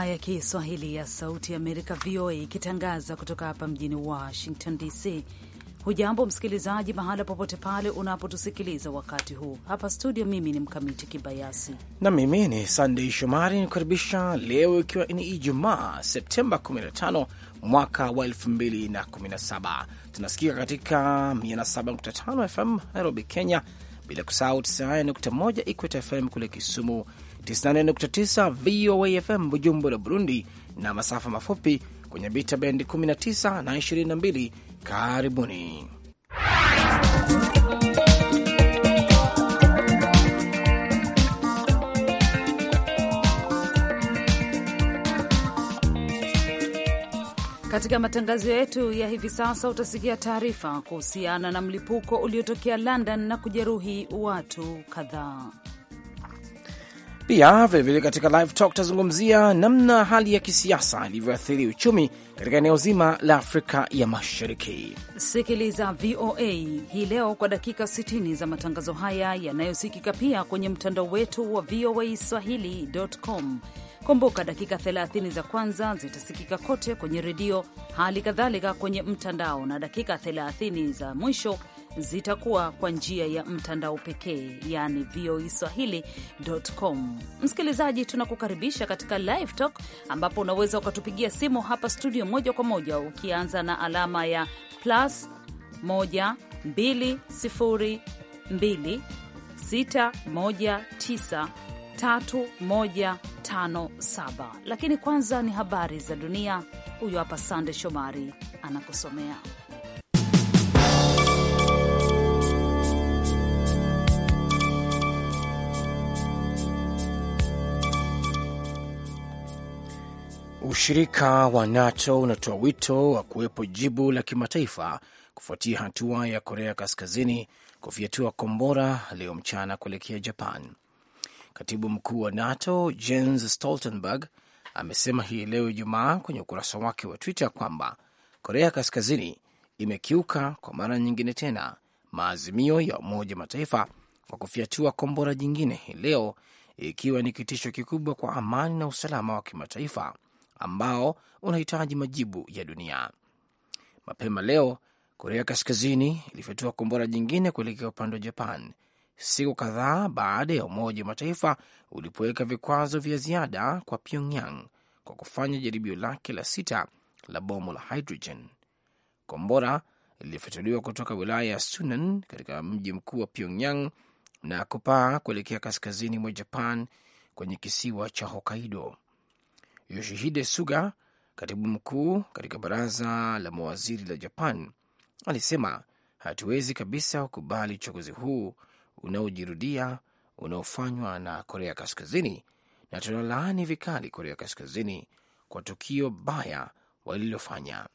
idhaa ya Kiswahili ya Sauti Amerika, VOA, ikitangaza kutoka hapa mjini Washington DC. Hujambo msikilizaji, mahala popote pale unapotusikiliza wakati huu. Hapa studio, mimi ni Mkamiti Kibayasi na mimi ni Sandei Shomari nikukaribisha leo, ikiwa ni Ijumaa Septemba 15 mwaka wa 2017. Tunasikika katika 107.5 FM Nairobi, Kenya, bila kusahau 91 Ikweta FM kule Kisumu 94.9 VOA FM Bujumbura, Burundi, na masafa mafupi kwenye bita bendi 19 na 22. Karibuni katika matangazo yetu ya hivi sasa. Utasikia taarifa kuhusiana na mlipuko uliotokea London na kujeruhi watu kadhaa. Pia vilevile katika Live Talk tazungumzia namna hali ya kisiasa ilivyoathiri uchumi katika eneo zima la Afrika ya Mashariki. Sikiliza VOA hii leo kwa dakika 60 za matangazo haya yanayosikika pia kwenye mtandao wetu wa VOA Swahili.com. Kumbuka, dakika 30 za kwanza zitasikika kote kwenye redio, hali kadhalika kwenye mtandao, na dakika 30 za mwisho zitakuwa kwa njia ya mtandao pekee, yani voaswahili.com. Msikilizaji, tunakukaribisha katika live talk, ambapo unaweza ukatupigia simu hapa studio moja kwa moja ukianza na alama ya plus 1 2 Lakini kwanza ni habari za dunia. huyo hapa Sande Shomari anakusomea. Ushirika wa NATO unatoa wito wa kuwepo jibu la kimataifa kufuatia hatua ya Korea Kaskazini kufyatua kombora leo mchana kuelekea Japan. Katibu mkuu wa NATO Jens Stoltenberg amesema hii leo Ijumaa kwenye ukurasa wake wa Twitter kwamba Korea Kaskazini imekiuka kwa mara nyingine tena maazimio ya Umoja Mataifa kwa kufyatua kombora jingine hii leo, ikiwa ni kitisho kikubwa kwa amani na usalama wa kimataifa ambao unahitaji majibu ya dunia. Mapema leo Korea Kaskazini ilifyatua kombora jingine kuelekea upande wa Japan siku kadhaa baada ya Umoja wa Mataifa ulipoweka vikwazo vya ziada kwa Pyongyang kwa kufanya jaribio lake la sita la bomu la hydrogen. Kombora lilifyatuliwa kutoka wilaya ya Sunan katika mji mkuu wa Pyongyang na kupaa kuelekea kaskazini mwa Japan kwenye kisiwa cha Hokkaido. Yoshihide Suga, katibu mkuu katika baraza la mawaziri la Japan, alisema hatuwezi kabisa kukubali uchaguzi huu unaojirudia unaofanywa na Korea Kaskazini, na tunalaani vikali Korea Kaskazini kwa tukio baya walilofanya.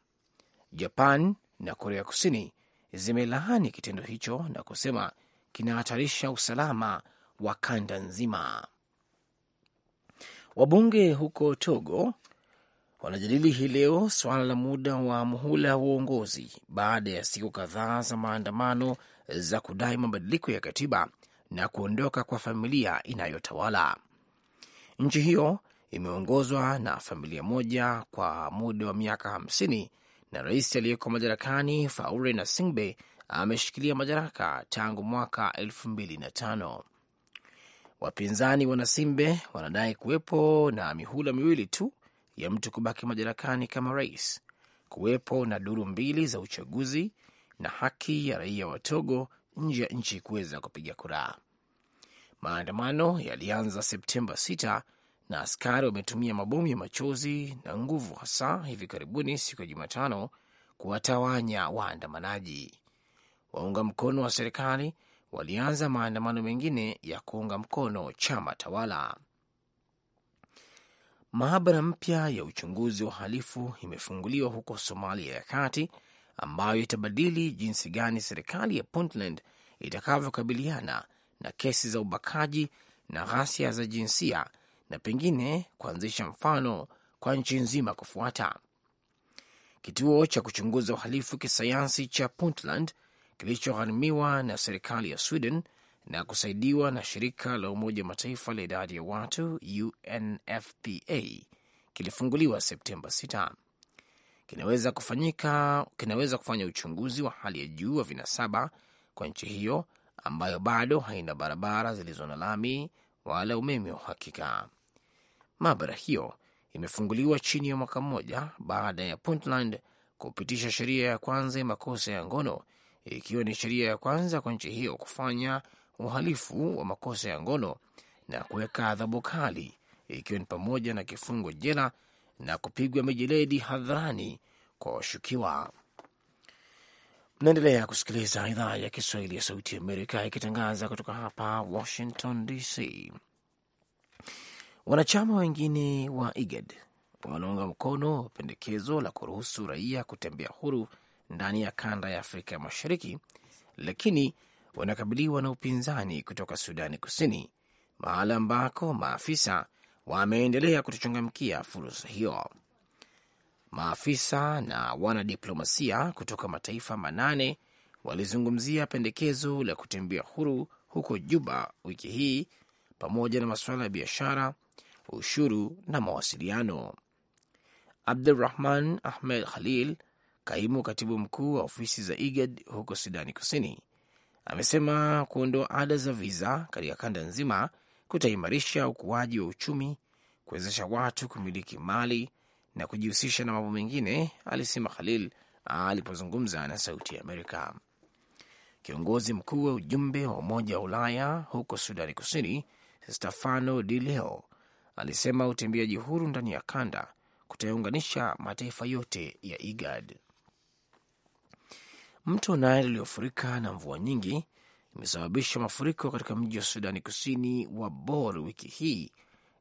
Japan na Korea Kusini zimelaani kitendo hicho na kusema kinahatarisha usalama wa kanda nzima. Wabunge huko Togo wanajadili hii leo suala la muda wa muhula wa uongozi baada ya siku kadhaa za maandamano za kudai mabadiliko ya katiba na kuondoka kwa familia inayotawala nchi. Hiyo imeongozwa na familia moja kwa muda wa miaka hamsini na rais aliyeko madarakani Faure na singbe ameshikilia madaraka tangu mwaka elfu mbili na tano. Wapinzani wanasimbe wanadai kuwepo na mihula miwili tu ya mtu kubaki madarakani kama rais, kuwepo na duru mbili za uchaguzi na haki ya raia wa Togo nje ya nchi kuweza kupiga kura. Maandamano yalianza Septemba 6 na askari wametumia mabomu ya machozi na nguvu, hasa hivi karibuni siku ya Jumatano, kuwatawanya waandamanaji. Waunga mkono wa serikali walianza maandamano mengine ya kuunga mkono chama tawala. Maabara mpya ya uchunguzi wa uhalifu imefunguliwa huko Somalia ya kati ambayo itabadili jinsi gani serikali ya Puntland itakavyokabiliana na kesi za ubakaji na ghasia za jinsia na pengine kuanzisha mfano kwa nchi nzima kufuata. Kituo cha kuchunguza uhalifu kisayansi cha Puntland kilichogharimiwa na serikali ya Sweden na kusaidiwa na shirika la Umoja Mataifa la idadi ya watu UNFPA kilifunguliwa Septemba 6. Kinaweza kufanyika, kinaweza kufanya uchunguzi wa hali ya juu wa vinasaba kwa nchi hiyo ambayo bado haina barabara zilizo na lami wala umeme wa uhakika. Maabara hiyo imefunguliwa chini ya mwaka mmoja baada ya Puntland kupitisha sheria ya kwanza ya makosa ya ngono ikiwa ni sheria ya kwanza kwa nchi hiyo kufanya uhalifu wa makosa ya ngono na kuweka adhabu kali, ikiwa ni pamoja na kifungo jela na kupigwa mijeledi hadharani kwa washukiwa. Mnaendelea kusikiliza idhaa ya Kiswahili ya Sauti ya Amerika ikitangaza kutoka hapa Washington DC. Wanachama wengine wa IGAD wanaunga mkono pendekezo la kuruhusu raia kutembea huru ndani ya kanda ya Afrika Mashariki, lakini wanakabiliwa na upinzani kutoka Sudani Kusini, mahala ambako maafisa wameendelea kutochangamkia fursa hiyo. Maafisa na wanadiplomasia kutoka mataifa manane walizungumzia pendekezo la kutembea huru huko Juba wiki hii, pamoja na masuala ya biashara, ushuru na mawasiliano. Abdurahman Ahmed Khalil kaimu katibu mkuu wa ofisi za IGAD huko Sudani Kusini, amesema kuondoa ada za viza katika kanda nzima kutaimarisha ukuaji wa uchumi, kuwezesha watu kumiliki mali na kujihusisha na mambo mengine, alisema Khalil alipozungumza na Sauti ya Amerika. Kiongozi mkuu wa ujumbe wa Umoja wa Ulaya huko Sudani Kusini, Stefano Di Leo, alisema utembeaji huru ndani ya kanda kutayaunganisha mataifa yote ya IGAD. Mto Nile uliofurika na mvua nyingi imesababisha mafuriko katika mji wa Sudani Kusini wa Bor wiki hii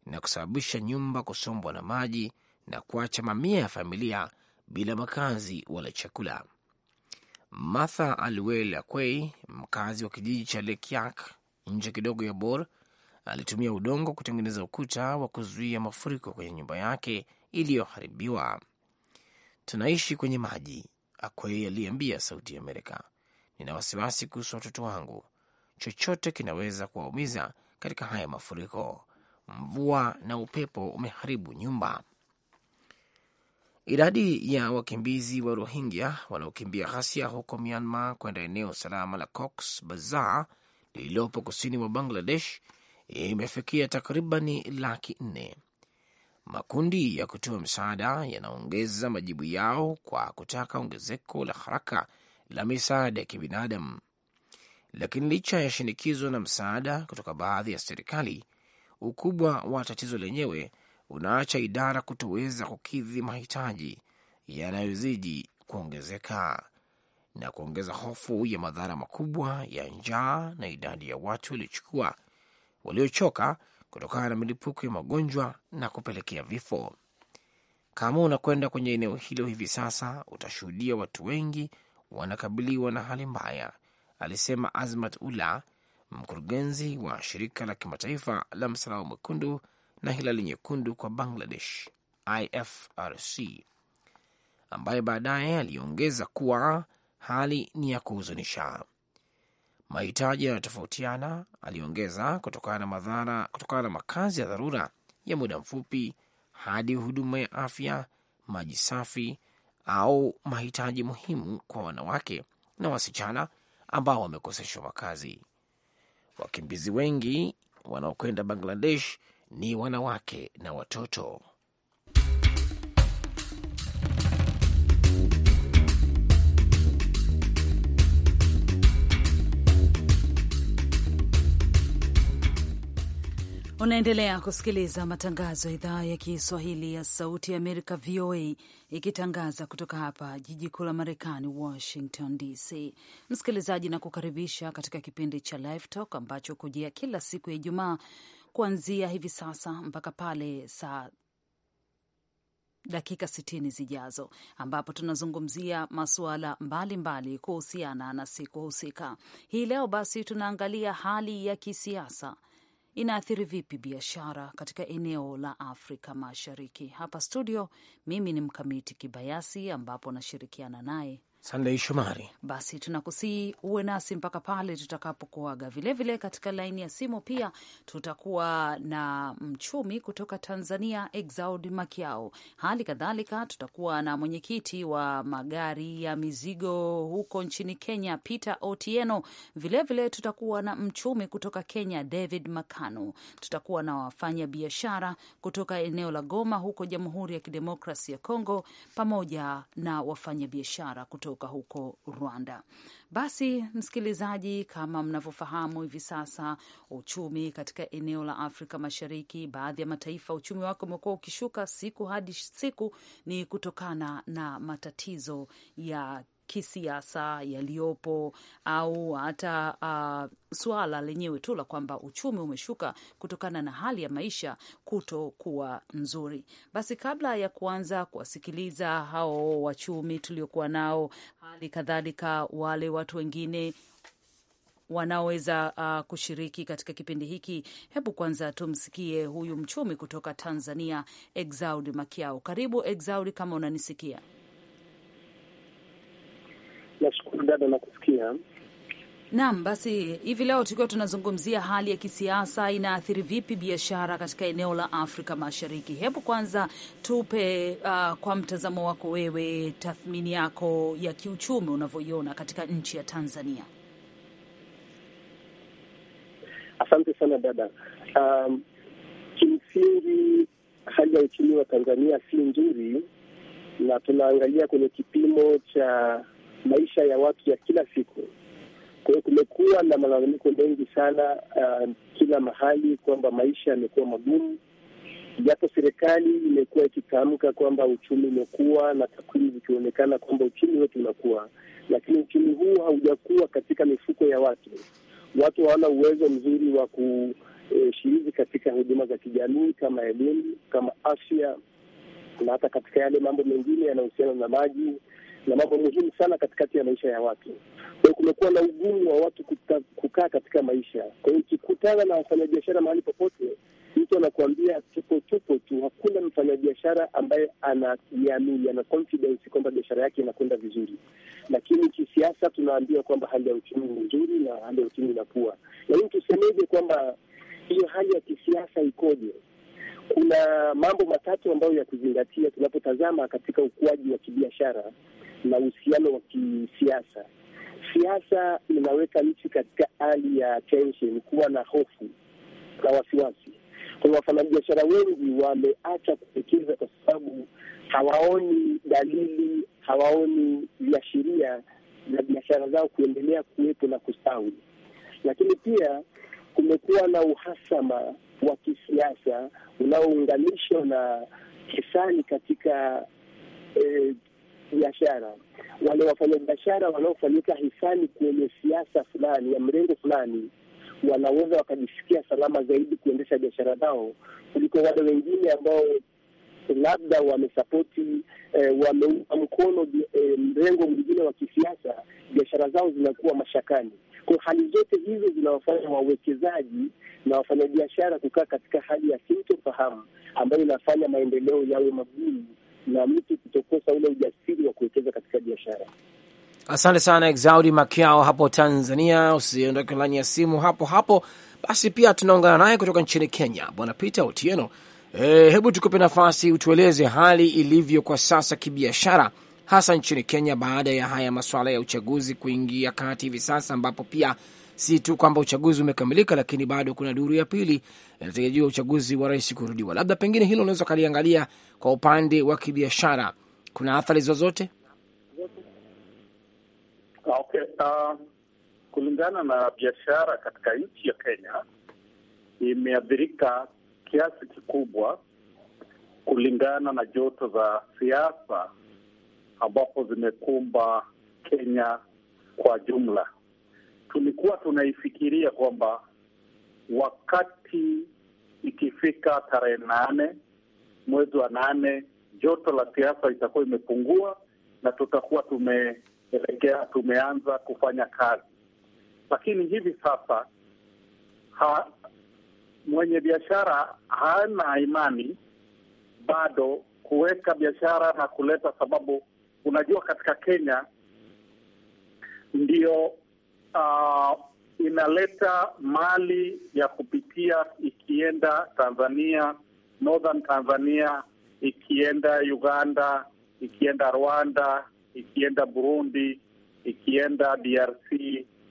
na kusababisha nyumba kusombwa na maji na kuacha mamia ya familia bila makazi wala chakula. Martha Alwel Akwey, mkazi wa kijiji cha lekyak nje kidogo ya Bor, alitumia udongo kutengeneza ukuta wa kuzuia mafuriko kwenye nyumba yake iliyoharibiwa. Tunaishi kwenye maji, Akwei aliambia Sauti ya Amerika, nina wasiwasi kuhusu watoto wangu. Chochote kinaweza kuwaumiza katika haya mafuriko. Mvua na upepo umeharibu nyumba. Idadi ya wakimbizi wa Rohingya wanaokimbia ghasia huko Myanmar kwenda eneo salama la Cox Bazar lililopo kusini mwa Bangladesh imefikia takribani laki nne. Makundi ya kutoa msaada yanaongeza majibu yao kwa kutaka ongezeko la haraka la misaada ya kibinadamu, lakini licha ya shinikizo na msaada kutoka baadhi ya serikali, ukubwa wa tatizo lenyewe unaacha idara kutoweza kukidhi mahitaji yanayozidi kuongezeka na kuongeza hofu ya madhara makubwa ya njaa na idadi ya watu waliochukua waliochoka kutokana na milipuko ya magonjwa na kupelekea vifo. Kama unakwenda kwenye eneo hilo hivi sasa, utashuhudia watu wengi wanakabiliwa na hali mbaya, alisema Azmat Ula, mkurugenzi wa shirika la kimataifa la Msalaba Mwekundu na Hilali Nyekundu kwa Bangladesh, IFRC, ambaye baadaye aliongeza kuwa hali ni ya kuhuzunisha. Mahitaji yanayotofautiana, aliongeza, kutokana na madhara, kutokana na makazi ya dharura ya muda mfupi hadi huduma ya afya, maji safi au mahitaji muhimu kwa wanawake na wasichana ambao wamekoseshwa makazi. Wakimbizi wengi wanaokwenda Bangladesh ni wanawake na watoto. Unaendelea kusikiliza matangazo ya idhaa ya Kiswahili ya Sauti ya Amerika, VOA, ikitangaza kutoka hapa jiji kuu la Marekani, Washington DC. Msikilizaji, na kukaribisha katika kipindi cha Live Talk ambacho kujia kila siku ya Ijumaa kuanzia hivi sasa mpaka pale saa dakika sitini zijazo ambapo tunazungumzia masuala mbalimbali kuhusiana na siku husika hii leo. Basi tunaangalia hali ya kisiasa inaathiri vipi biashara katika eneo la Afrika Mashariki. Hapa studio, mimi ni Mkamiti Kibayasi, ambapo nashirikiana naye Sandei Shomari. Basi tunakusii uwe nasi mpaka pale tutakapokuaga. Vilevile katika laini ya simu pia tutakuwa na mchumi kutoka Tanzania, Exaud Makiao. Hali kadhalika tutakuwa na mwenyekiti wa magari ya mizigo huko nchini Kenya, Peter Otieno. Vilevile tutakuwa na mchumi kutoka Kenya, David Makano. Tutakuwa na wafanya biashara kutoka eneo la Goma huko Jamhuri ya Kidemokrasi ya congo pamoja na wafanyabiashara kutoka kutoka huko Rwanda. Basi msikilizaji, kama mnavyofahamu hivi sasa uchumi katika eneo la Afrika Mashariki, baadhi ya mataifa uchumi wake umekuwa ukishuka siku hadi siku, ni kutokana na matatizo ya kisiasa yaliyopo au hata uh, suala lenyewe tu la kwamba uchumi umeshuka kutokana na hali ya maisha kutokuwa nzuri. Basi kabla ya kuanza kuwasikiliza hao wachumi tuliokuwa nao, hali kadhalika wale watu wengine wanaoweza uh, kushiriki katika kipindi hiki. Hebu kwanza tumsikie huyu mchumi kutoka Tanzania, Exaud Makiao. Karibu Exaud, kama unanisikia. dada, nakusikia. Naam, basi hivi leo tukiwa tunazungumzia hali ya kisiasa inaathiri vipi biashara katika eneo la Afrika Mashariki, hebu kwanza tupe uh, kwa mtazamo wako wewe, tathmini yako ya kiuchumi unavyoiona katika nchi ya Tanzania. Asante sana dada. Um, kimsingi hali ya uchumi wa Tanzania si nzuri, na tunaangalia kwenye kipimo cha maisha ya watu ya kila siku. Kwa hiyo kumekuwa na malalamiko mengi sana uh, kila mahali kwamba maisha yamekuwa magumu, japo serikali imekuwa ikitamka kwamba uchumi umekuwa na takwimu zikionekana kwamba uchumi wetu unakuwa, lakini uchumi huu haujakuwa katika mifuko ya watu. Watu hawana uwezo mzuri wa kushiriki eh, katika huduma za kijamii kama elimu, kama afya na hata katika yale mambo mengine yanahusiana na maji na mambo muhimu sana katikati ya maisha ya watu. Kwa hiyo kumekuwa na ugumu wa watu kuta, kukaa katika maisha. Kwa hiyo ukikutana na wafanyabiashara mahali popote, mtu anakuambia tupo tupo tu. Hakuna mfanyabiashara ambaye anajiamini, ana confidence kwamba biashara yake inakwenda vizuri. Lakini kisiasa tunaambiwa kwamba hali ya uchumi ni nzuri na hali ya uchumi inakuwa. lakini tusemeje kwamba hiyo hali ya kisiasa ikoje? Kuna mambo matatu ambayo ya kuzingatia tunapotazama katika ukuaji wa kibiashara na uhusiano wa kisiasa. Siasa inaweka nchi katika hali ya tension, kuwa na hofu na wasiwasi. Kuna wafanyabiashara wengi wameacha kuwekeza kwa sababu hawaoni dalili, hawaoni viashiria na biashara zao kuendelea kuwepo na kustawi. Lakini pia kumekuwa na uhasama wa kisiasa unaounganishwa na hisani katika e, biashara. Wale wafanyabiashara wanaofanyika hisani kwenye siasa fulani ya mrengo fulani wanaweza wakajisikia salama zaidi kuendesha biashara zao kuliko wale wengine ambao labda wamesapoti e, wameunga mkono e, mrengo mwingine wa kisiasa, biashara zao zinakuwa mashakani. Kwa hali zote hizo zinawafanya wawekezaji na wafanyabiashara kukaa katika hali ya sintofahamu ambayo inafanya maendeleo yawe magumu na mtu kutokosa ule ujasiri wa kuwekeza katika biashara. Asante sana Exaudi Makiao hapo Tanzania. Usiondoke ndani ya simu hapo hapo. Basi pia tunaungana naye kutoka nchini Kenya, Bwana Peter Otieno. E, hebu tukupe nafasi utueleze hali ilivyo kwa sasa kibiashara hasa nchini Kenya baada ya haya masuala ya uchaguzi kuingia kati hivi sasa, ambapo pia si tu kwamba uchaguzi umekamilika, lakini bado kuna duru ya pili inatarajiwa, uchaguzi wa rais kurudiwa. Labda pengine hilo unaweza ukaliangalia kwa upande wa kibiashara, kuna athari zozote? Okay, uh, kulingana na biashara katika nchi ya Kenya imeathirika kiasi kikubwa kulingana na joto za siasa ambapo zimekumba Kenya kwa jumla. Tulikuwa tunaifikiria kwamba wakati ikifika tarehe nane mwezi wa nane joto la siasa itakuwa imepungua na tutakuwa tumeelekea tumeanza kufanya kazi, lakini hivi sasa ha, mwenye biashara hana imani bado kuweka biashara na kuleta sababu Unajua, katika Kenya ndiyo uh, inaleta mali ya kupitia ikienda Tanzania, Northern Tanzania, ikienda Uganda, ikienda Rwanda, ikienda Burundi, ikienda DRC,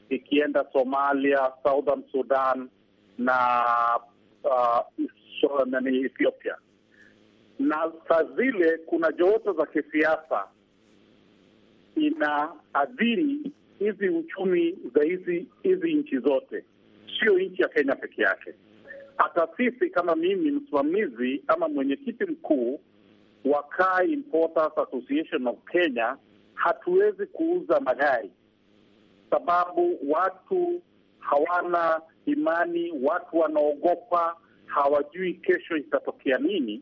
ikienda Somalia, Southern Sudan na uh, Ethiopia. Na saa zile kuna joto za kisiasa inaadhiri hizi uchumi za hizi hizi nchi zote, sio nchi ya Kenya peke yake. Hata sisi kama mimi msimamizi ama mwenyekiti mkuu wa Car Importers Association of Kenya hatuwezi kuuza magari sababu watu hawana imani, watu wanaogopa, hawajui kesho itatokea nini,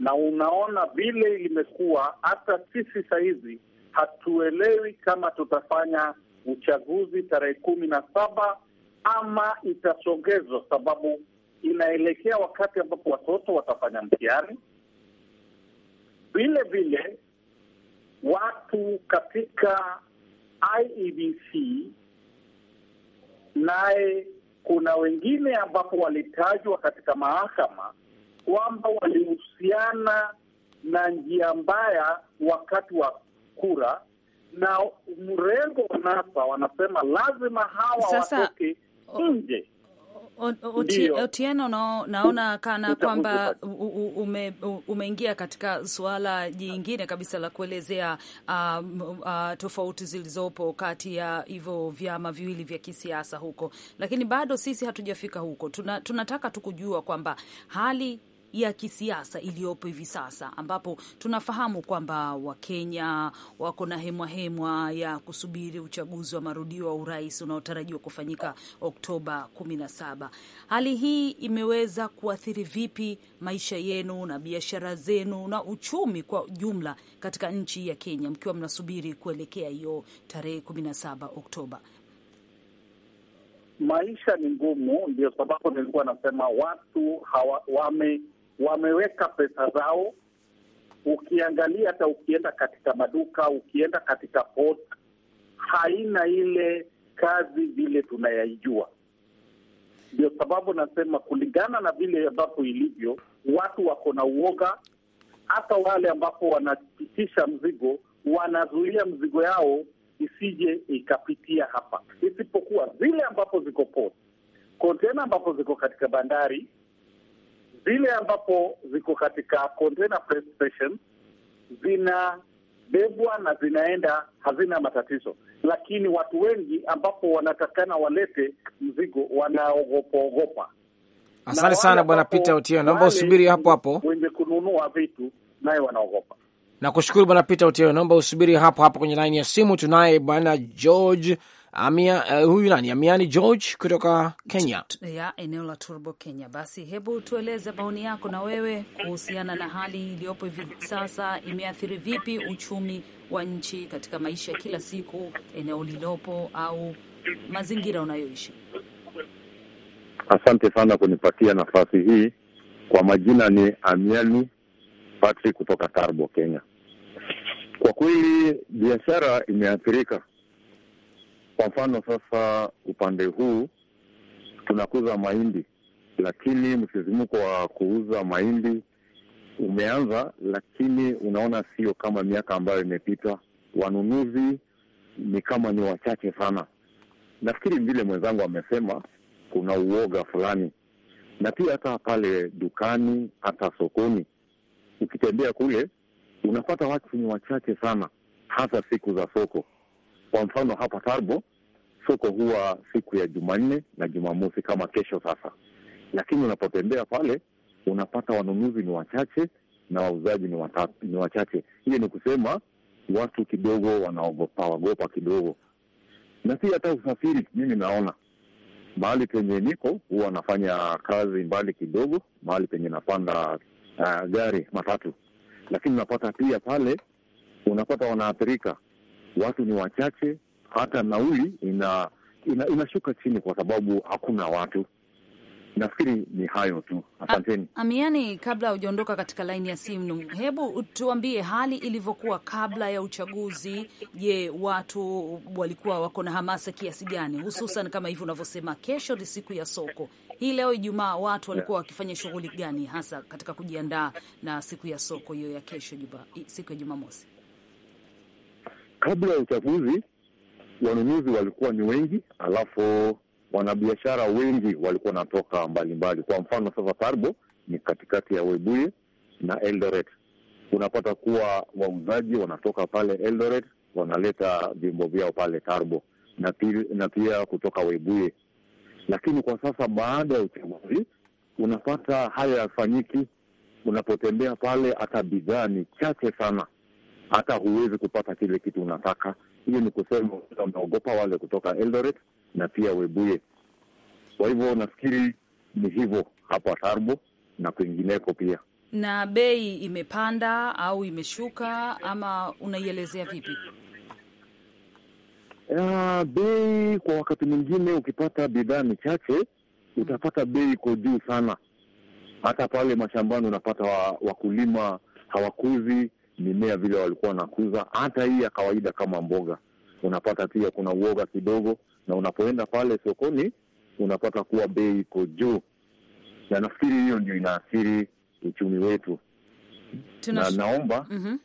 na unaona vile limekuwa. Hata sisi sahizi hatuelewi kama tutafanya uchaguzi tarehe kumi na saba ama itasogezwa, sababu inaelekea wakati ambapo watoto watafanya mtihani. Vile vile watu katika IEBC naye kuna wengine ambapo walitajwa katika mahakama kwamba walihusiana na njia mbaya wakati wa kura na mrengo wanapa wanasema lazima hawa Sasa, watoke nje. Otieno, naona kana kwamba ume, umeingia katika suala jingine kabisa la kuelezea um, uh, tofauti zilizopo kati ya hivyo vyama viwili vya kisiasa huko, lakini bado sisi hatujafika huko. Tuna, tunataka tu kujua kwamba hali ya kisiasa iliyopo hivi sasa, ambapo tunafahamu kwamba Wakenya wako na hemwa hemwa ya kusubiri uchaguzi wa marudio wa urais unaotarajiwa kufanyika Oktoba 17. Hali hii imeweza kuathiri vipi maisha yenu na biashara zenu na uchumi kwa jumla katika nchi ya Kenya, mkiwa mnasubiri kuelekea hiyo tarehe 17 Oktoba? Maisha ni ngumu, ndio sababu nilikuwa nasema watu hawa, wame wameweka pesa zao. Ukiangalia hata ukienda katika maduka, ukienda katika port, haina ile kazi vile tunayaijua. Ndio sababu nasema kulingana na vile ambapo ilivyo, watu wako na uoga. Hata wale ambapo wanapitisha mzigo wanazuia mzigo yao isije ikapitia hapa, isipokuwa zile ambapo ziko port, kontena ambapo ziko katika bandari zile ambapo ziko katika container press station zinabebwa na zinaenda, hazina matatizo, lakini watu wengi ambapo wanatakana walete mzigo wanaogopaogopa. Asante sana Bwana Peter Otieno, naomba usubiri hapo hapo. Wenye kununua vitu naye wanaogopa. Nakushukuru Bwana Peter Otieno, naomba usubiri hapo hapo kwenye laini ya simu. Tunaye Bwana George Amia, uh, huyu nani Amiani George kutoka Kenya ya eneo la Turbo, Kenya. Basi hebu tueleze maoni yako na wewe kuhusiana na hali iliyopo hivi sasa, imeathiri vipi uchumi wa nchi katika maisha ya kila siku, eneo lilopo au mazingira unayoishi? Asante sana kunipatia nafasi hii. Kwa majina ni Amiani Patrick kutoka Turbo, Kenya. Kwa kweli biashara imeathirika kwa mfano sasa, upande huu tunakuza mahindi, lakini msisimuko wa kuuza mahindi umeanza, lakini unaona sio kama miaka ambayo imepita. Wanunuzi ni kama ni wachache sana. Nafikiri vile mwenzangu amesema, kuna uoga fulani, na pia hata pale dukani, hata sokoni, ukitembea kule unapata watu ni wachache sana, hasa siku za soko. Kwa mfano hapa Tarbo soko huwa siku ya Jumanne na Jumamosi kama kesho sasa, lakini unapotembea pale unapata wanunuzi ni wachache na wauzaji ni, ni wachache. Hiyo ni kusema watu kidogo wagopa kidogo, na si hata usafiri. Mimi naona mahali penye niko huwa nafanya kazi mbali kidogo, mahali penye napanda uh, gari matatu, lakini unapata pia pale unapata wanaathirika, watu ni wachache hata nauli ina, ina inashuka chini kwa sababu hakuna watu. Nafikiri ni hayo tu, asanteni. Amiani, kabla hujaondoka katika laini ya simu, hebu tuambie hali ilivyokuwa kabla ya uchaguzi. Je, watu walikuwa wako na hamasa kiasi gani, hususan kama hivi unavyosema, kesho ni siku ya soko? Hii leo Ijumaa, watu walikuwa wakifanya shughuli gani hasa katika kujiandaa na siku ya soko hiyo ya kesho, siku ya Jumamosi kabla ya uchaguzi? wanunuzi walikuwa ni wengi, alafu wanabiashara wengi walikuwa wanatoka mbalimbali. Kwa mfano sasa, Tarbo ni katikati ya Webuye na Eldoret, unapata kuwa wauzaji wanatoka pale Eldoret wanaleta vyombo vyao pale Tarbo na pia, na pia kutoka Webuye. Lakini kwa sasa baada ya uchaguzi unapata haya yafanyiki. Unapotembea pale, hata bidhaa ni chache sana, hata huwezi kupata kile kitu unataka hiyo ni kusema wameogopa wale kutoka Eldoret na pia Webuye. Kwa hivyo nafikiri ni hivyo hapa Tarbo na kwingineko pia. Na bei imepanda au imeshuka ama unaielezea vipi? Uh, bei kwa wakati mwingine ukipata bidhaa ni chache utapata bei iko juu sana. Hata pale mashambani unapata wakulima hawakuzi mimea vile walikuwa wanakuza, hata hii ya kawaida kama mboga, unapata pia kuna uoga kidogo, na unapoenda pale sokoni unapata kuwa bei iko juu, na nafikiri hiyo ndio inaathiri uchumi wetu na naomba mm -hmm.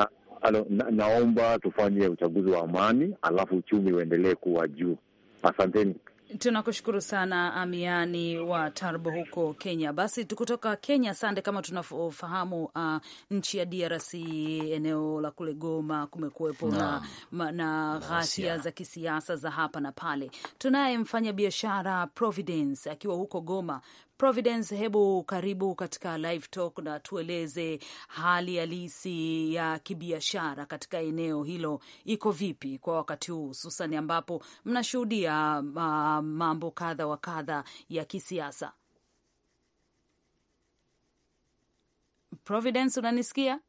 a, ah, alo, na, naomba tufanye uchaguzi wa amani, alafu uchumi uendelee kuwa juu. Asanteni. Tunakushukuru sana Amiani wa Tarbo huko Kenya. Basi kutoka Kenya, Sande, kama tunafahamu uh, nchi ya DRC eneo la kule Goma kumekuwepo na, na, na ghasia za kisiasa za hapa na pale. Tunaye mfanya biashara Providence akiwa huko Goma. Providence, hebu karibu katika live talk na tueleze hali halisi ya kibiashara katika eneo hilo iko vipi kwa wakati huu, hususani ambapo mnashuhudia uh, mambo kadha wa kadha ya kisiasa. Providence, unanisikia?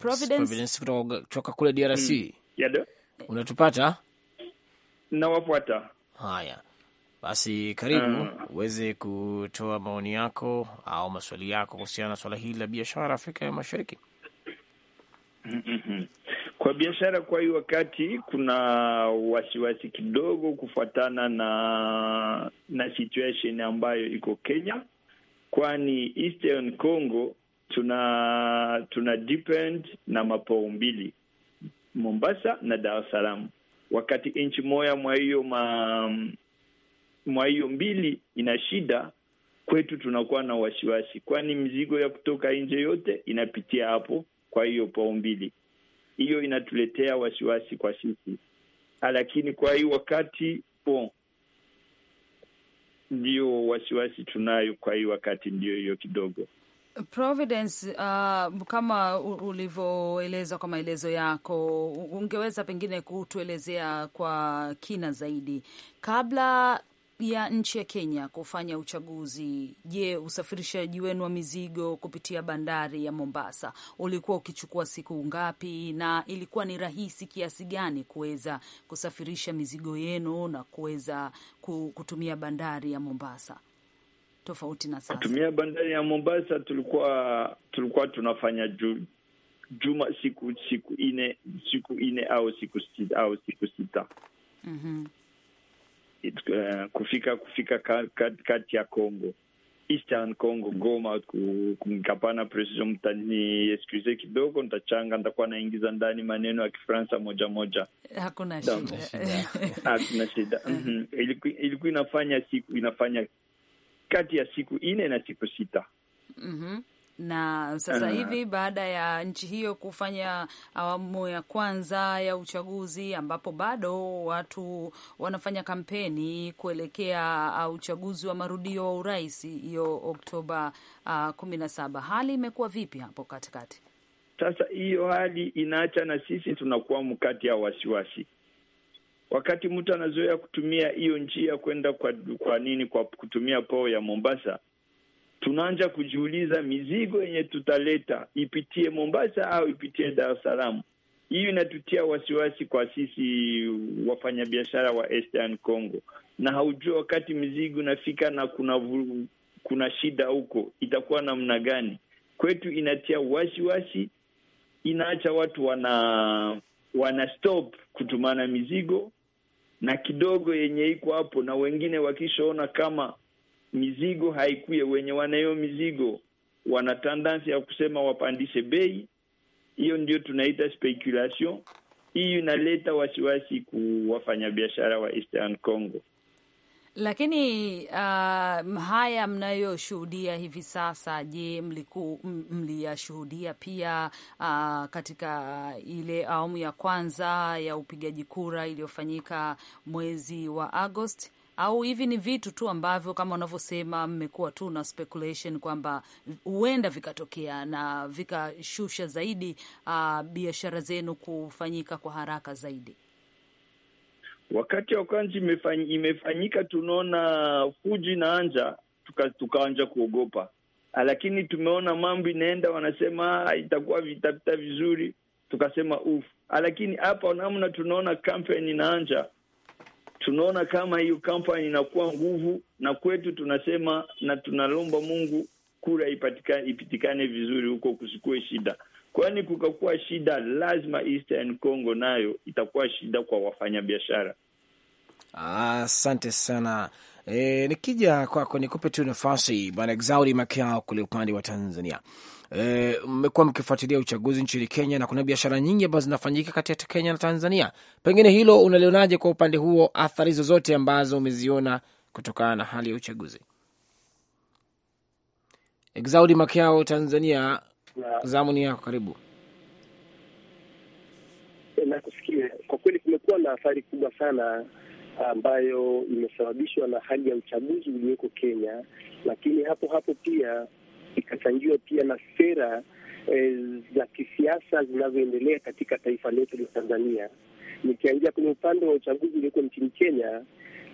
Providence kutoka kule DRC, mm. unatupata? nawafuata. Haya basi, karibu ah. uweze kutoa maoni yako au maswali yako kuhusiana na swala hili la biashara Afrika ya Mashariki. Mm-hmm. Kwa biashara kwa hii wakati kuna wasiwasi kidogo kufuatana na na situation ambayo iko Kenya, kwani Eastern Congo tuna tuna depend na mapao mbili Mombasa na Dar es Salaam wakati nchi moya mwa hiyo mwa hiyo mbili ina shida, kwetu tunakuwa na wasiwasi, kwani mizigo ya kutoka nje yote inapitia hapo. Kwa hiyo pao mbili hiyo inatuletea wasiwasi kwa sisi, ah, lakini kwa hii wakati bon, ndio wasiwasi tunayo kwa hii wakati, ndio hiyo kidogo. Providence, uh, kama ulivyoeleza kwa maelezo yako, ungeweza pengine kutuelezea kwa kina zaidi kabla ya nchi ya Kenya kufanya uchaguzi. Je, usafirishaji wenu wa mizigo kupitia bandari ya Mombasa ulikuwa ukichukua siku ngapi, na ilikuwa ni rahisi kiasi gani kuweza kusafirisha mizigo yenu na kuweza kutumia bandari ya Mombasa? tofauti na sasa? Kutumia bandari ya Mombasa tulikuwa tulikuwa tunafanya juu juma siku siku ine siku ine au siku sita au siku sita mm -hmm. It, uh, kufika kufika kati ka, ka ya Congo Eastern Congo Goma, nikapana precision, mtani excuse kidogo, nitachanga nitakuwa naingiza ndani maneno ya Kifaransa moja moja, hakuna shida, hakuna shida. Mhm. Ilikuwa inafanya siku inafanya kati ya siku nne na siku sita. mm -hmm. Na sasa uh, hivi baada ya nchi hiyo kufanya awamu ya kwanza ya uchaguzi ambapo bado watu wanafanya kampeni kuelekea uh, uchaguzi wa marudio wa urais hiyo Oktoba uh, kumi na saba, hali imekuwa vipi hapo katikati? Sasa hiyo hali inaacha na sisi tunakuwa mkati ya wasiwasi Wakati mtu anazoea kutumia hiyo njia kwenda kwa, kwa nini kwa kutumia poo ya Mombasa, tunaanza kujiuliza mizigo yenye tutaleta ipitie Mombasa au ipitie Dar es Salaam. Hiyo inatutia wasiwasi kwa sisi wafanyabiashara wa Eastern Congo, na haujua wakati mizigo inafika na kuna vuru, kuna shida huko itakuwa namna gani kwetu. Inatia wasiwasi wasi, inaacha watu wana wana stop kutumana mizigo na kidogo yenye iko hapo, na wengine wakishaona kama mizigo haikuye, wenye wanayo mizigo wana tendansi ya kusema wapandishe bei. Hiyo ndio tunaita speculation. Hii inaleta wasiwasi kuwafanya biashara wa Eastern Congo. Lakini uh, haya mnayoshuhudia hivi sasa, je, mliyashuhudia pia uh, katika ile awamu ya kwanza ya upigaji kura iliyofanyika mwezi wa Agosti au hivi ni vitu tu ambavyo kama unavyosema mmekuwa tu na speculation kwamba huenda vikatokea na vikashusha zaidi uh, biashara zenu kufanyika kwa haraka zaidi? wakati ya kanji imefanyika, tunaona fuji na anja, tukaanja tuka kuogopa, ah, lakini tumeona mambo inaenda, wanasema ah, itakuwa vitapita vizuri, tukasema uf. Ah, lakini hapa namna tunaona kampeni anja tunaona kama hiyo kampeni inakuwa nguvu na kwetu, tunasema na tunalomba Mungu kura ipitikane vizuri huko, kusikue shida kwani kukakuwa shida, lazima Eastern Congo nayo itakuwa shida kwa wafanyabiashara. Asante ah, sana. E, nikija kwako nikupe tu nafasi bwana Exaudi Makao kule upande wa Tanzania. E, mmekuwa e, mkifuatilia uchaguzi nchini Kenya na kuna biashara nyingi ambazo zinafanyika kati ya Kenya na Tanzania, pengine hilo unalionaje kwa upande huo, athari zozote ambazo umeziona kutokana na hali ya uchaguzi? Exaudi Makao, Tanzania, zamu ni yako, karibu. Nakusikia. Kwa kweli kumekuwa na athari kubwa sana ambayo imesababishwa na hali ya uchaguzi ulioko Kenya, lakini hapo hapo pia ikachangiwa pia na sera e, za kisiasa zinazoendelea katika taifa letu la Tanzania. Nikiangia kwenye upande wa uchaguzi ulioko nchini Kenya,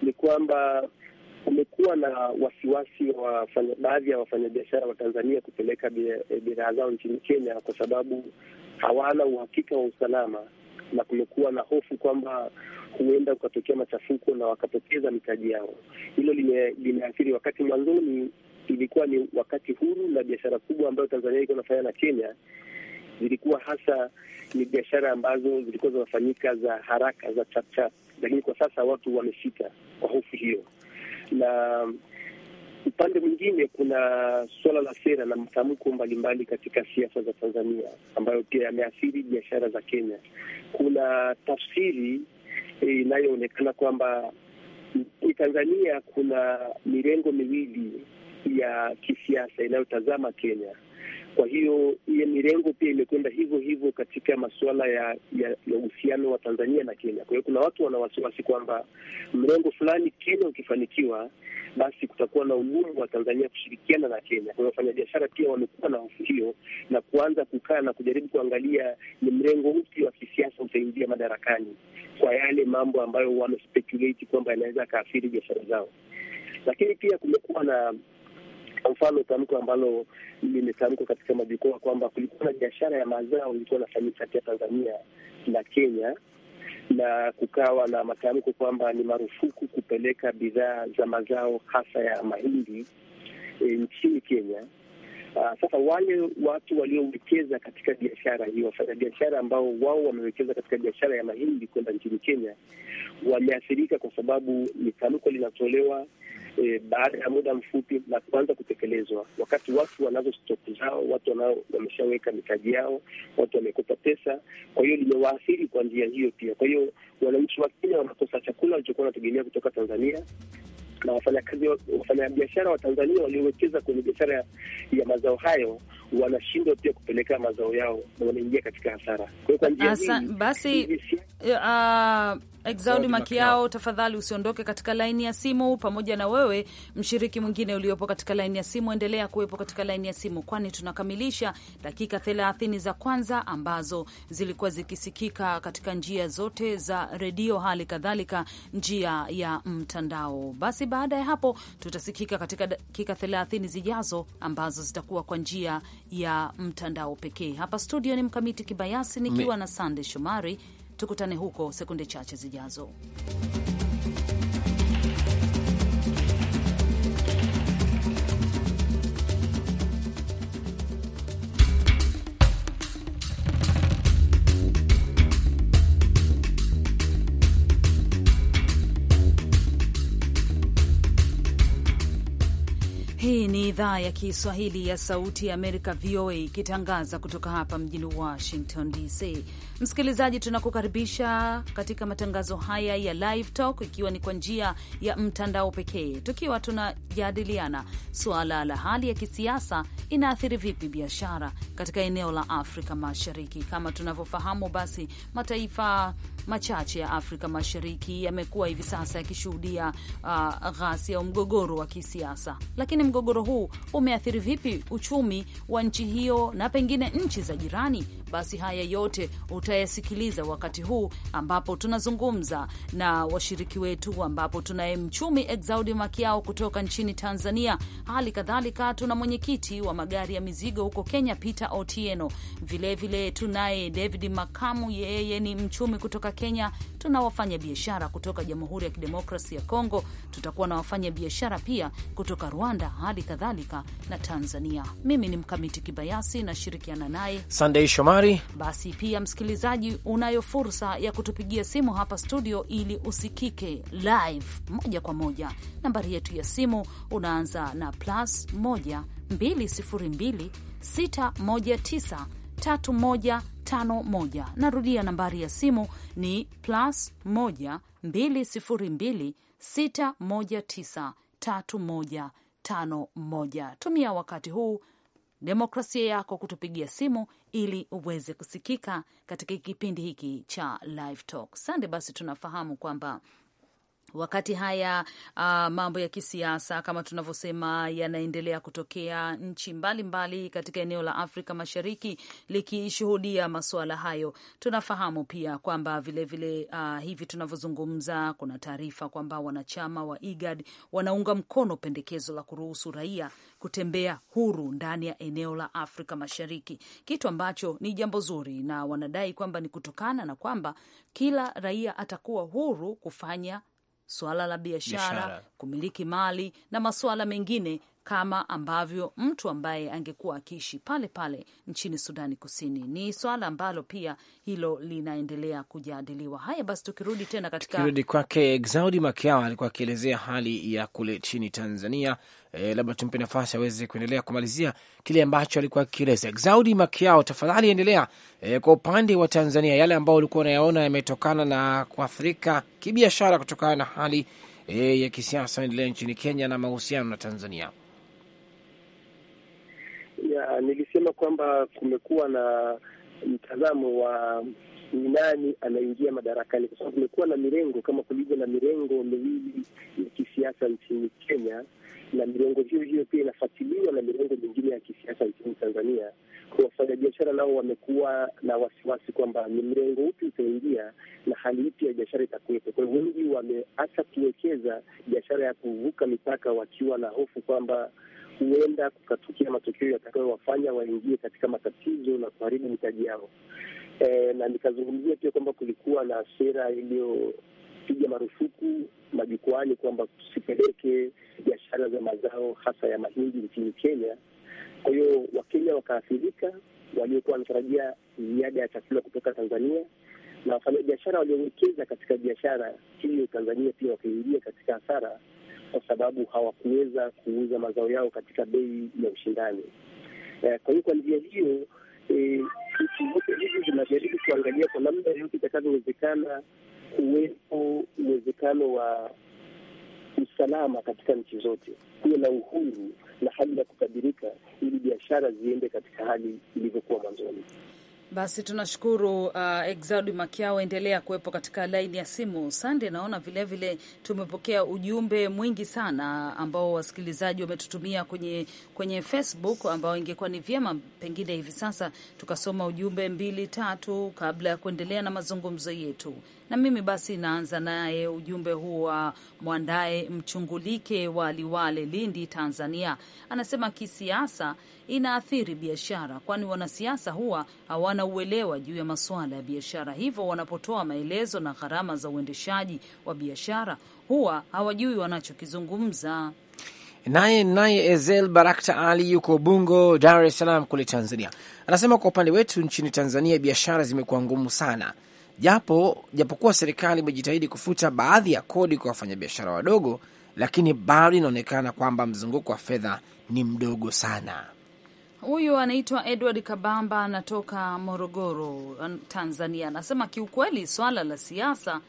ni kwamba kumekuwa na wasiwasi wa baadhi ya wafanyabiashara wa Tanzania kupeleka eh, bidhaa zao nchini Kenya kwa sababu hawana uhakika wa usalama na kumekuwa na hofu kwamba huenda ukatokea machafuko na wakapoteza mitaji yao. Hilo limeathiri, wakati mwanzoni ilikuwa ni wakati huru na biashara kubwa ambayo Tanzania ilikuwa inafanya na Kenya zilikuwa hasa ni biashara ambazo zilikuwa zinafanyika za haraka za chapchap, lakini kwa sasa watu wamesita kwa hofu hiyo, na Upande mwingine kuna suala la sera na mtamko mbalimbali katika siasa za Tanzania ambayo pia yameathiri biashara za Kenya. Kuna tafsiri e, inayoonekana e, kwamba Tanzania kuna mirengo miwili ya kisiasa inayotazama Kenya. Kwa hiyo ile mirengo pia imekwenda hivyo hivyo katika masuala ya ya uhusiano wa Tanzania na Kenya. Kwa hiyo kuna watu wana wasiwasi kwamba mrengo fulani Kenya ukifanikiwa, basi kutakuwa na ugumu wa Tanzania kushirikiana na Kenya. Kwa wafanyabiashara pia wamekuwa na hofu hiyo na kuanza kukaa na kujaribu kuangalia ni mrengo upi wa kisiasa utaingia madarakani kwa yale mambo ambayo wanaspekulate kwamba yanaweza akaathiri biashara zao, lakini pia kumekuwa na mfano, tamko ambalo limetamkwa katika majukwaa kwamba kulikuwa na biashara ya mazao ilikuwa inafanyika kati ya Tanzania na Kenya, na kukawa na matamko kwamba ni marufuku kupeleka bidhaa za mazao hasa ya mahindi e, nchini Kenya Uh, sasa wale watu waliowekeza katika biashara hiyo, wafanyabiashara ambao wao wamewekeza katika biashara ya mahindi kwenda nchini Kenya wameathirika, kwa sababu ni tamko linatolewa e, baada ya muda mfupi na kuanza kutekelezwa, wakati watu wanazo stok zao, watu wanao wameshaweka mitaji yao, watu wamekopa pesa. Kwa hiyo limewaathiri kwa njia hiyo pia. Kwa hiyo wananchi wa Kenya wanakosa chakula walichokuwa wanategemea kutoka Tanzania na wafanyakazi, wafanyabiashara wa Tanzania waliowekeza kwenye biashara ya mazao hayo wanashindwa pia kupeleka mazao yao na wanaingia katika hasara. Kwa hiyo kwa njia hii basi, Exaudi Makiao, tafadhali usiondoke katika laini ya simu, pamoja na wewe mshiriki mwingine uliopo katika laini ya simu, endelea kuwepo katika laini ya simu, kwani tunakamilisha dakika thelathini za kwanza ambazo zilikuwa zikisikika katika njia zote za redio, hali kadhalika njia ya mtandao. Basi baada ya hapo tutasikika katika dakika thelathini zijazo ambazo zitakuwa kwa njia ya mtandao pekee. Hapa studio ni Mkamiti Kibayasi nikiwa na Sande Shomari. Tukutane huko sekunde chache zijazo. idhaa ya Kiswahili ya Sauti ya Amerika, VOA, ikitangaza kutoka hapa mjini Washington DC. Msikilizaji, tunakukaribisha katika matangazo haya ya Live Talk, ikiwa ni kwa njia ya mtandao pekee, tukiwa tunajadiliana suala la hali ya kisiasa inaathiri vipi biashara katika eneo la Afrika Mashariki. Kama tunavyofahamu, basi mataifa machache ya Afrika Mashariki yamekuwa hivi sasa yakishuhudia uh, ghasia au mgogoro wa kisiasa. Lakini mgogoro huu umeathiri vipi uchumi wa nchi hiyo na pengine nchi za jirani? Basi haya yote utayasikiliza wakati huu ambapo tunazungumza na washiriki wetu, ambapo tunaye mchumi Exaudi Makiao kutoka nchini Tanzania, hali kadhalika tuna mwenyekiti wa magari ya mizigo huko Kenya Peter Otieno, vilevile tunaye David Makamu, yeye ni mchumi kutoka kutoka Kenya, tuna wafanya biashara kutoka Jamhuri ya Kidemokrasi ya Kongo, tutakuwa na wafanya biashara pia kutoka Rwanda, hali kadhalika na Tanzania. Mimi ni Mkamiti Kibayasi, nashirikiana naye Sandei Shomari. Basi pia msikilizaji, unayo fursa ya kutupigia simu hapa studio ili usikike live moja kwa moja. Nambari yetu ya simu unaanza na plus 1 202 619 3151. Narudia, nambari ya simu ni plus 1 202 619 3151. Tumia wakati huu demokrasia yako kutupigia simu ili uweze kusikika katika kipindi hiki cha Live Talk. Sande, basi tunafahamu kwamba Wakati haya uh, mambo ya kisiasa kama tunavyosema yanaendelea kutokea nchi mbalimbali mbali katika eneo la Afrika Mashariki likishuhudia masuala hayo. Tunafahamu pia kwamba vilevile uh, ah, hivi tunavyozungumza kuna taarifa kwamba wanachama wa IGAD wanaunga mkono pendekezo la kuruhusu raia kutembea huru ndani ya eneo la Afrika Mashariki, kitu ambacho ni jambo zuri, na wanadai kwamba ni kutokana na kwamba kila raia atakuwa huru kufanya suala la biashara, kumiliki mali na masuala mengine kama ambavyo mtu ambaye angekuwa akiishi pale pale nchini Sudani Kusini. Ni swala ambalo pia hilo linaendelea kujadiliwa. Haya basi, tukirudi tena katika tukirudi kwake Exaudi Makiao alikuwa akielezea hali ya kule chini Tanzania. E, labda tumpe nafasi aweze kuendelea kumalizia kile ambacho alikuwa akieleza. Exaudi Makiao, tafadhali endelea. E, kwa upande wa Tanzania, yale ambayo ulikuwa unayaona yametokana na kuathirika kibiashara kutokana na hali e, ya kisiasa endelea nchini Kenya na mahusiano na Tanzania ya, nilisema kwamba kumekuwa na mtazamo wa ni nani anaingia madarakani, kwa sababu kumekuwa na mirengo kama kulivyo na mirengo miwili ya kisiasa nchini Kenya, na mirengo hiyo hiyo pia inafuatiliwa na mirengo mingine ya kisiasa nchini Tanzania. Kwa wafanyabiashara nao wamekuwa na wasiwasi kwamba ni mrengo upi utaingia na hali ipi ya biashara itakuwepo. Kwa wengi wameacha kuwekeza biashara ya kuvuka mipaka wakiwa na hofu kwamba huenda kukatukia matokeo yatakayowafanya waingie katika matatizo na kuharibu mitaji yao. E, na nikazungumzia pia kwamba kulikuwa na sera iliyopiga marufuku majukwaani kwamba tusipeleke biashara za mazao hasa ya mahindi nchini Kenya. Kwa hiyo Wakenya wakaathirika, waliokuwa wanatarajia ziada ya chakula kutoka Tanzania na wafanyabiashara waliowekeza katika biashara hiyo Tanzania pia wakaingia katika hasara kwa sababu hawakuweza kuuza mazao yao katika bei ya ushindani. Eh, kwa hiyo kwa njia hiyo eh, zote hizi zinajaribu kuangalia kwa namna yoyote itakavyowezekana kuwepo uwezekano wa usalama katika nchi zote, kuwe na uhuru na hali ya kukadirika ili biashara ziende katika hali ilivyokuwa mwanzoni. Basi tunashukuru uh, Exaudi Makiao, endelea kuwepo katika laini ya simu. Sande, naona vilevile tumepokea ujumbe mwingi sana ambao wasikilizaji wametutumia kwenye, kwenye Facebook ambao ingekuwa ni vyema pengine hivi sasa tukasoma ujumbe mbili tatu kabla ya kuendelea na mazungumzo yetu. Na mimi basi naanza naye ujumbe huu wa Mwandae Mchungulike wa Liwale, Lindi, Tanzania. Anasema kisiasa inaathiri biashara, kwani wanasiasa huwa hawana uelewa juu ya masuala ya biashara, hivyo wanapotoa maelezo na gharama za uendeshaji wa biashara huwa hawajui wanachokizungumza. Naye naye Ezel Barakta Ali yuko Bungo, Dar es Salaam kule Tanzania, anasema kwa upande wetu nchini Tanzania biashara zimekuwa ngumu sana japo japokuwa serikali imejitahidi kufuta baadhi ya kodi kwa wafanyabiashara wadogo, lakini bado inaonekana kwamba mzunguko wa fedha ni mdogo sana. Huyu anaitwa Edward Kabamba, anatoka Morogoro, Tanzania, anasema kiukweli swala la siasa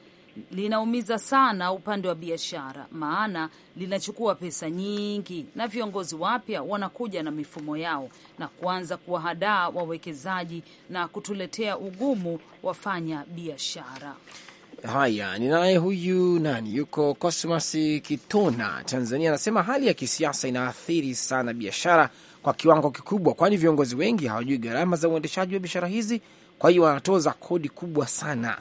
linaumiza sana upande wa biashara, maana linachukua pesa nyingi, na viongozi wapya wanakuja na mifumo yao na kuanza kuwahadaa wawekezaji na kutuletea ugumu wafanya biashara. Haya, ninaye huyu nani, yuko Cosmas Kitona, Tanzania, anasema hali ya kisiasa inaathiri sana biashara kwa kiwango kikubwa, kwani viongozi wengi hawajui gharama za uendeshaji wa biashara hizi, kwa hiyo wanatoza kodi kubwa sana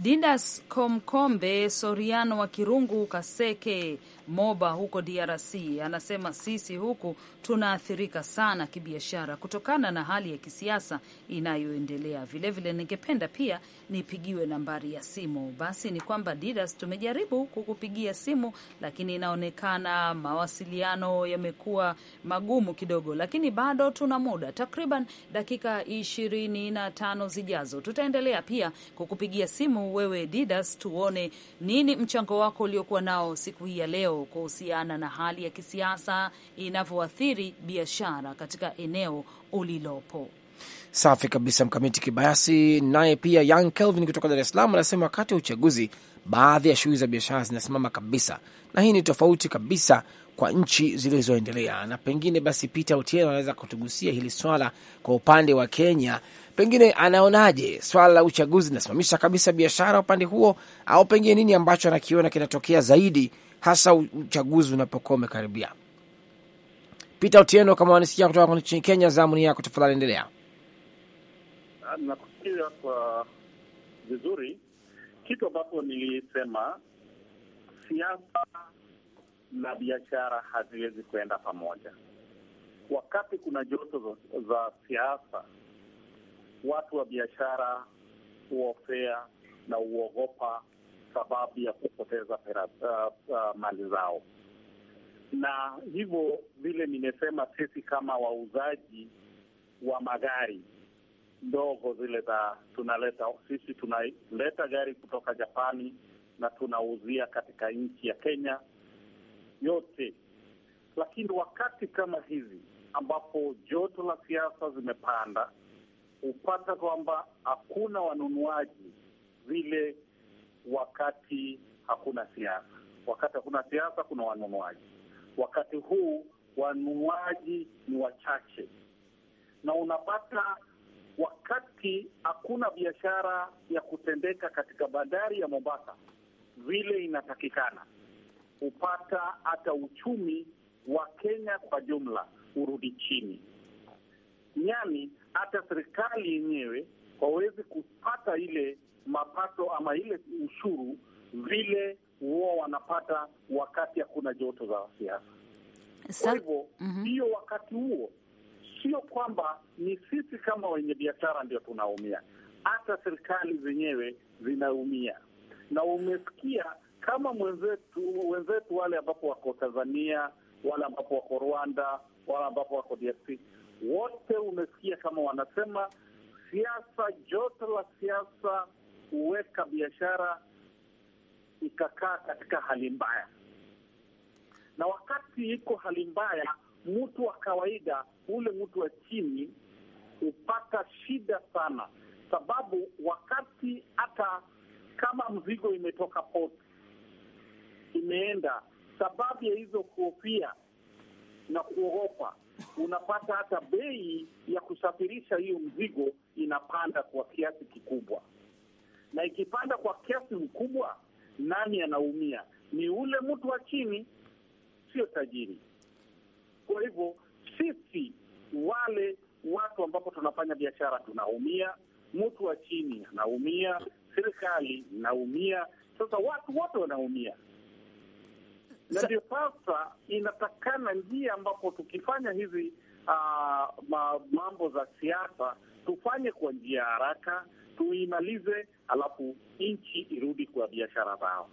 Didas Komkombe Soriano wa Kirungu Kaseke Moba huko DRC anasema sisi huku tunaathirika sana kibiashara kutokana na hali ya kisiasa inayoendelea. Vilevile ningependa pia nipigiwe nambari ya simu. Basi ni kwamba Didas, tumejaribu kukupigia simu, lakini inaonekana mawasiliano yamekuwa magumu kidogo, lakini bado tuna muda takriban dakika ishirini na tano zijazo. Tutaendelea pia kukupigia simu wewe Didas, tuone nini mchango wako uliokuwa nao siku hii ya leo leo kuhusiana na hali ya kisiasa inavyoathiri biashara katika eneo ulilopo. Safi kabisa, Mkamiti Kibayasi. Naye pia Young Kelvin kutoka Dar es Salaam anasema wakati wa uchaguzi baadhi ya shughuli za biashara zinasimama kabisa, na hii ni tofauti kabisa kwa nchi zilizoendelea. Na pengine basi Peter Otieno anaweza kutugusia hili swala kwa upande wa Kenya, pengine anaonaje swala la uchaguzi linasimamisha kabisa biashara upande huo, au pengine nini ambacho anakiona kinatokea zaidi hasa uchaguzi unapokuwa umekaribia. Peter Otieno, kama wanasikia kutoka nchini Kenya, zamu ni yako, tafadhali endelea. Nakusikia kwa vizuri. Kitu ambapo nilisema siasa na biashara haziwezi kuenda pamoja. Wakati kuna joto za siasa, watu wa biashara huofea na huogopa sababu ya kupoteza pera, uh, uh, mali zao. Na hivyo vile nimesema, sisi kama wauzaji wa magari ndogo zile za tunaleta, sisi tunaleta gari kutoka Japani na tunauzia katika nchi ya Kenya yote, lakini wakati kama hizi ambapo joto la siasa zimepanda, hupata kwamba hakuna wanunuaji vile wakati hakuna siasa. Wakati hakuna siasa, kuna wanunuaji. Wakati huu wanunuaji ni wachache, na unapata wakati hakuna biashara ya kutendeka katika bandari ya Mombasa vile inatakikana, hupata hata uchumi wa Kenya kwa jumla urudi chini. Yani hata serikali yenyewe wawezi kupata ile mapato ama ile ushuru vile huwa wanapata wakati hakuna joto za siasa. Kwa hivyo mhm. hiyo, wakati huo sio kwamba ni sisi kama wenye biashara ndio tunaumia, hata serikali zenyewe zinaumia. Na umesikia kama mwenzetu wenzetu wale ambapo wako Tanzania, wale ambapo wako Rwanda, wale ambapo wako DRC, wote umesikia kama wanasema siasa, joto la siasa kuweka biashara ikakaa katika hali mbaya, na wakati iko hali mbaya, mtu wa kawaida, ule mtu wa chini hupata shida sana, sababu wakati hata kama mzigo imetoka poti imeenda, sababu ya hizo kuhofia na kuogopa, unapata hata bei ya kusafirisha hiyo mzigo inapanda kwa kiasi kikubwa na ikipanda kwa kiasi mkubwa, nani anaumia? Ni ule mtu wa chini, sio tajiri. Kwa hivyo sisi wale watu ambapo tunafanya biashara tunaumia, mtu wa chini anaumia, serikali inaumia. Sasa watu wote wanaumia, na ndio sasa inatakana njia ambapo tukifanya hizi uh, mambo za siasa tufanye kwa njia haraka tuimalize, alafu nchi irudi kwa biashara zao.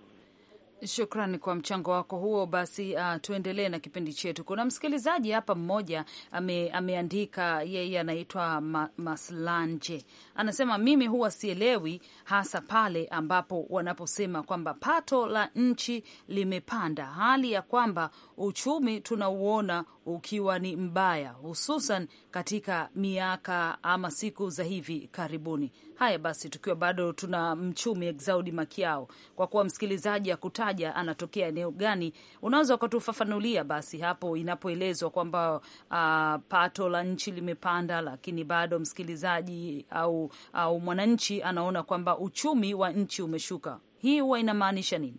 shukran kwa mchango wako huo. Basi uh, tuendelee na kipindi chetu. Kuna msikilizaji hapa mmoja ame, ameandika yeye anaitwa ma, Maslanje, anasema mimi huwa sielewi hasa pale ambapo wanaposema kwamba pato la nchi limepanda, hali ya kwamba uchumi tunauona ukiwa ni mbaya, hususan katika miaka ama siku za hivi karibuni. Haya basi, tukiwa bado tuna mchumi Exaudi Makiao, kwa kuwa msikilizaji akutaja anatokea eneo gani, unaweza ukatufafanulia basi hapo inapoelezwa kwamba uh, pato la nchi limepanda, lakini bado msikilizaji au, au mwananchi anaona kwamba uchumi wa nchi umeshuka, hii huwa inamaanisha nini?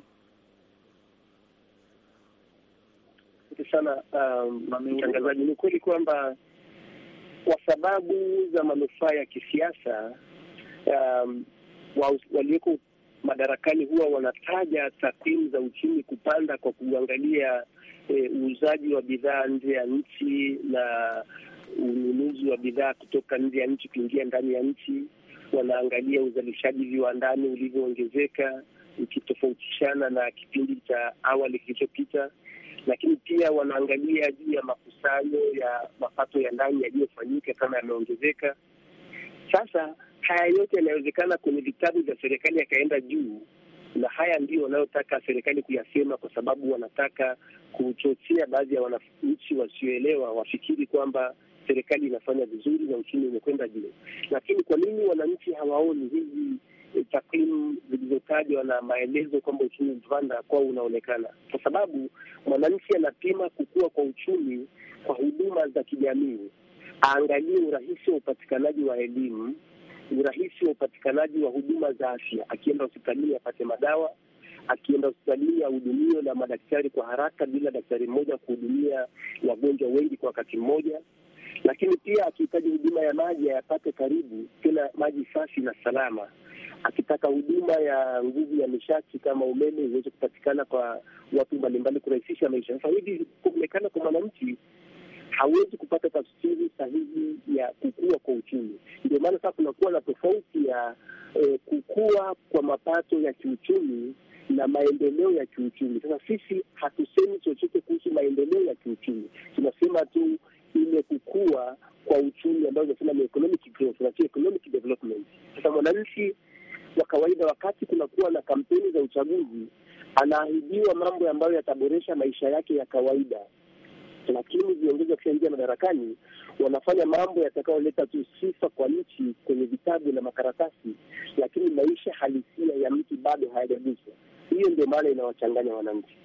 Asante sana um, mtangazaji. Um, ni kweli kwamba kwa sababu za manufaa ya kisiasa um, walioko madarakani huwa wanataja takwimu za uchumi kupanda kwa kuangalia eh, uuzaji e, wa bidhaa nje ya nchi na ununuzi wa bidhaa kutoka nje ya nchi kuingia ndani ya nchi. Wanaangalia uzalishaji viwandani ulivyoongezeka ukitofautishana na kipindi cha awali kilichopita lakini pia wanaangalia juu ya makusanyo ya mapato ya ndani yaliyofanyika kama yameongezeka. Sasa haya yote yanawezekana kwenye vitabu vya serikali yakaenda juu, na haya ndio wanayotaka serikali kuyasema, kwa sababu wanataka kuchochea baadhi ya wananchi wasioelewa wafikiri kwamba serikali inafanya vizuri na uchumi umekwenda juu. Lakini kwa nini wananchi hawaoni hizi Eh, takwimu zilizotajwa na maelezo kwamba uchumi wa kwao unaonekana, kwa sababu mwananchi anapima kukua kwa uchumi kwa huduma za kijamii, aangalie urahisi wa upatikanaji wa elimu, urahisi wa upatikanaji wa huduma za afya. Akienda hospitalini apate madawa, akienda hospitalini ahudumiwe na madaktari kwa haraka, bila daktari mmoja kuhudumia wagonjwa wengi kwa wakati mmoja lakini pia akihitaji huduma ya maji ayapate karibu, tena maji safi na salama akitaka huduma ya nguvu ya nishati kama umeme iweze kupatikana kwa watu mbalimbali, kurahisisha maisha. Sasa hivi kuonekana kwa mwananchi hawezi kupata tafsiri sahihi ya kukua kwa uchumi. Ndio maana sasa kunakuwa na tofauti ya eh, kukua kwa mapato ya kiuchumi na maendeleo ya kiuchumi. Sasa sisi hatusemi chochote kuhusu maendeleo ya kiuchumi, tunasema tu ile kukua kwa uchumi ambayo inasema ni economic growth, na economic development. Sasa mwananchi kwa kawaida, wakati kunakuwa na kampeni za uchaguzi, anaahidiwa mambo ambayo yataboresha maisha yake ya kawaida, lakini viongozi wakishaingia madarakani wanafanya mambo yatakayoleta tu sifa kwa nchi kwenye vitabu na makaratasi, lakini maisha halisia ya mtu bado hayajaguswa. Hiyo ndio maana inawachanganya wananchi.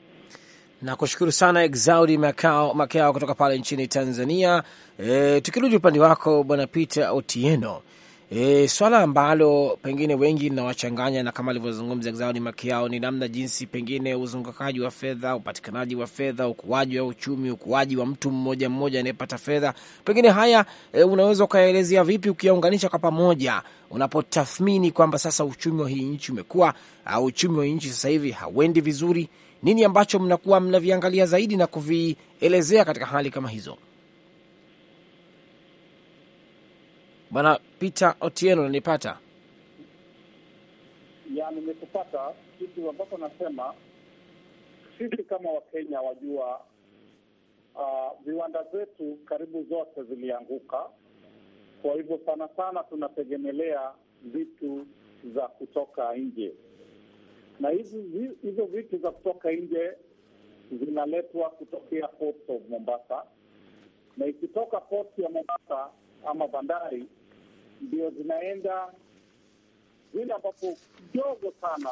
Nakushukuru sana Exaudi Makao Makao kutoka pale nchini Tanzania. E, tukirudi upande wako Bwana Peter Otieno. E, swala ambalo pengine wengi linawachanganya na kama alivyozungumza Exaudi Makiao ni namna jinsi pengine uzungukaji wa fedha, upatikanaji wa fedha, ukuaji wa uchumi, ukuaji wa mtu mmoja mmoja anayepata fedha, pengine haya e, unaweza ukayaelezea vipi ukiyaunganisha kwa pamoja, unapotathmini kwamba sasa uchumi wa hii nchi umekuwa au uchumi wa nchi sasa hivi hauendi vizuri, nini ambacho mnakuwa mnaviangalia zaidi na kuvielezea katika hali kama hizo? Bwana Peter Otieno, nanipata? Ya, nimekupata. Kitu ambapo nasema sisi kama Wakenya wajua, uh, viwanda zetu karibu zote zilianguka. Kwa hivyo sana sana tunategemelea vitu za kutoka nje, na hizo vitu za kutoka nje zinaletwa kutokea port of Mombasa, na ikitoka port ya Mombasa ama bandari ndio zinaenda vile ambapo kidogo sana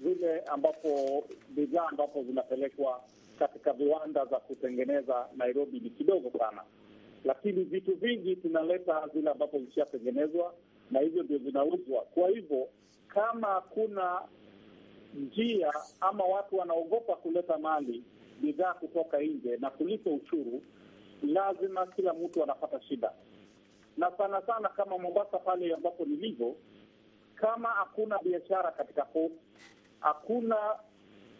vile ambapo bidhaa ambapo zinapelekwa katika viwanda za kutengeneza Nairobi ni kidogo sana, lakini vitu vingi tunaleta zile ambapo zishatengenezwa na hivyo ndio zinauzwa. Kwa hivyo kama hakuna njia ama watu wanaogopa kuleta mali bidhaa kutoka nje na kulipa ushuru, lazima kila mtu anapata shida na sana sana kama Mombasa pale ambapo nilivyo, kama hakuna biashara katika port, hakuna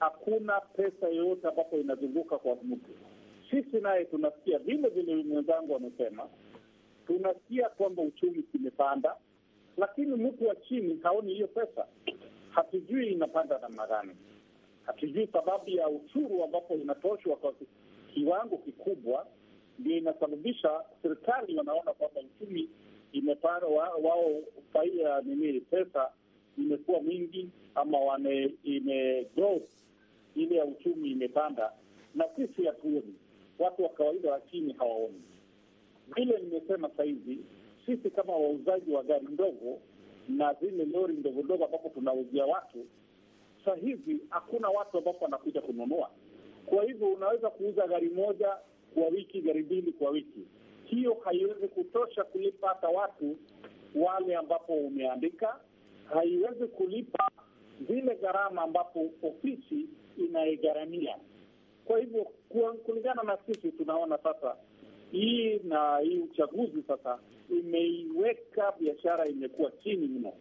hakuna pesa yoyote ambapo inazunguka kwa mtu. Sisi naye tunasikia vile vile, mwenzangu amesema, tunasikia kwamba uchumi kimepanda, lakini mtu wa chini haoni hiyo pesa. Hatujui inapanda namna gani, hatujui sababu ya ushuru ambapo inatoshwa kwa kiwango kikubwa linasababisha serikali wanaona kwamba uchumi imepara wa, wao faia nini, pesa imekuwa mingi ama wame ime ile ya uchumi imepanda, na sisi hatuoni, watu wa kawaida wa chini hawaoni. Vile nimesema sahizi, sisi kama wauzaji wa gari ndogo na zile lori ndogo ndogo ambapo tunauzia watu sahizi, hakuna watu ambapo wanakuja kununua. Kwa hivyo unaweza kuuza gari moja kwa wiki, gari mbili kwa wiki. Hiyo haiwezi kutosha kulipa hata watu wale ambapo umeandika, haiwezi kulipa zile gharama ambapo ofisi inaigharamia. Kwa hivyo kulingana na sisi tunaona sasa hii na hii uchaguzi sasa imeiweka biashara imekuwa chini mno.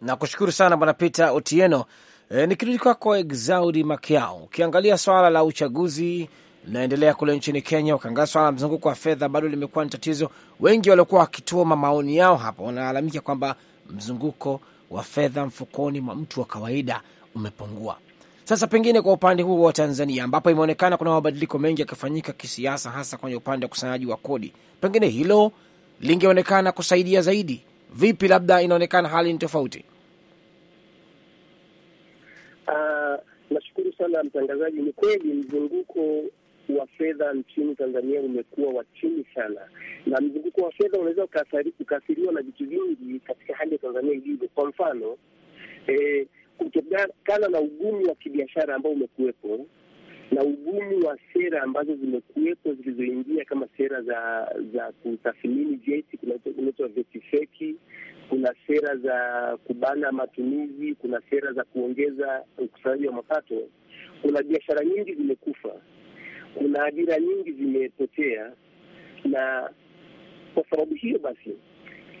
Nakushukuru sana Bwana Peter Otieno. E, nikirudi kwako Exaudi Makiao, ukiangalia swala la uchaguzi linaendelea kule nchini Kenya, ukiangalia swala la mzunguko wa fedha bado limekuwa ni tatizo. Wengi waliokuwa wakituma maoni yao hapa wanalalamika kwamba mzunguko wa fedha mfukoni mwa mtu wa kawaida umepungua. Sasa pengine kwa upande huo wa Tanzania, ambapo imeonekana kuna mabadiliko mengi yakifanyika kisiasa, hasa kwenye upande wa ukusanyaji wa kodi, pengine hilo lingeonekana kusaidia zaidi. Vipi, labda inaonekana hali ni tofauti? Uh, nashukuru sana mtangazaji. Ni kweli mzunguko wa fedha nchini Tanzania umekuwa wa chini sana, na mzunguko wa fedha unaweza ukaathiriwa na vitu vingi katika hali ya Tanzania ilivyo. Kwa mfano eh, kutokana na ugumu wa kibiashara ambao umekuwepo na ugumu wa sera ambazo zimekuwepo zilizoingia kama sera za za kutathmini vyeti kunaitwa vyeti feki, kuna sera za kubana matumizi, kuna sera za kuongeza ukusanyaji wa mapato. Kuna biashara nyingi zimekufa kuna ajira nyingi zimepotea, na kwa sababu hiyo basi,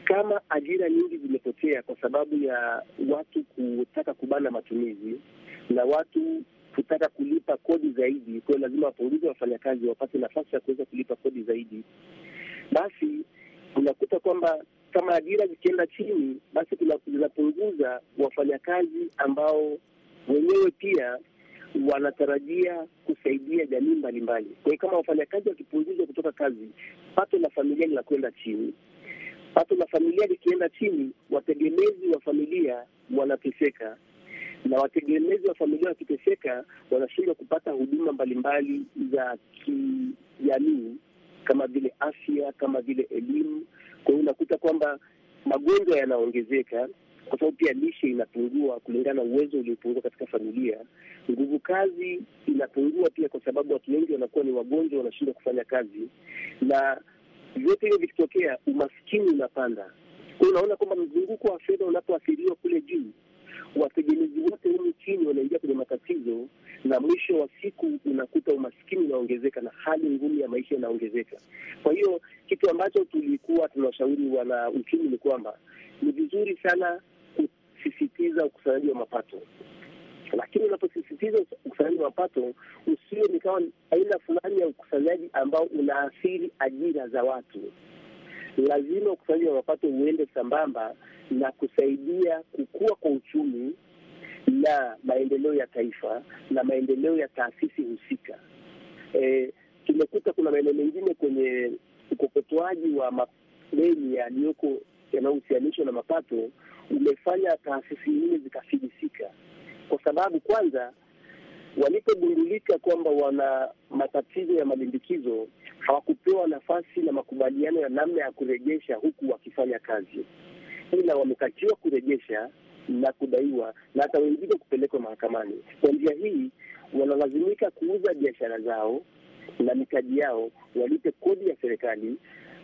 kama ajira nyingi zimepotea kwa sababu ya watu kutaka kubana matumizi na watu kutaka kulipa kodi zaidi, kwa hiyo lazima wapunguze wafanyakazi wapate nafasi ya kuweza kulipa kodi zaidi, basi unakuta kwamba kama ajira zikienda chini, basi zinapunguza wafanyakazi ambao wenyewe pia wanatarajia kusaidia jamii mbalimbali. Kwa hiyo kama wafanyakazi wakipunguzwa kutoka kazi, pato la familia linakwenda chini. Pato la familia likienda chini, wategemezi wa familia wanateseka, na wategemezi wa familia wakiteseka, wanashindwa kupata huduma mbalimbali za kijamii kama vile afya, kama vile elimu. Kwa hiyo unakuta kwamba magonjwa yanaongezeka, kwa sababu pia lishe inapungua kulingana na uwezo uliopungua katika familia. Nguvu kazi inapungua pia, kwa sababu watu wengi wanakuwa ni wagonjwa, wanashindwa kufanya kazi, na vyote hivyo vikitokea, umaskini unapanda. Kwa hiyo unaona kwamba mzunguko wa fedha unapoathiriwa kule juu, wategemezi wote humu chini wanaingia kwenye matatizo, na mwisho wa siku unakuta umaskini unaongezeka na hali ngumu ya maisha inaongezeka. Kwa hiyo kitu ambacho tulikuwa tunawashauri wana uchumi ni kwamba ni vizuri sana kusisitiza ukusanyaji wa mapato, lakini unaposisitiza ukusanyaji wa mapato usio nikawa aina fulani ya ukusanyaji ambao unaathiri ajira za watu. Lazima ukusanyaji wa mapato uende sambamba na kusaidia kukua kwa uchumi na maendeleo ya taifa na maendeleo ya taasisi husika. E, tumekuta kuna maeneo mengine kwenye ukokotoaji wa madeni yaliyoko yanayohusianishwa na mapato umefanya taasisi nyingi zikafilisika, kwa sababu kwanza walipogundulika kwamba wana matatizo ya malimbikizo hawakupewa nafasi na makubaliano ya namna ya kurejesha huku wakifanya kazi, ila wamekatiwa kurejesha na kudaiwa na hata wengine kupelekwa mahakamani. Kwa njia hii wanalazimika kuuza biashara zao na mitaji yao, walipe kodi ya serikali,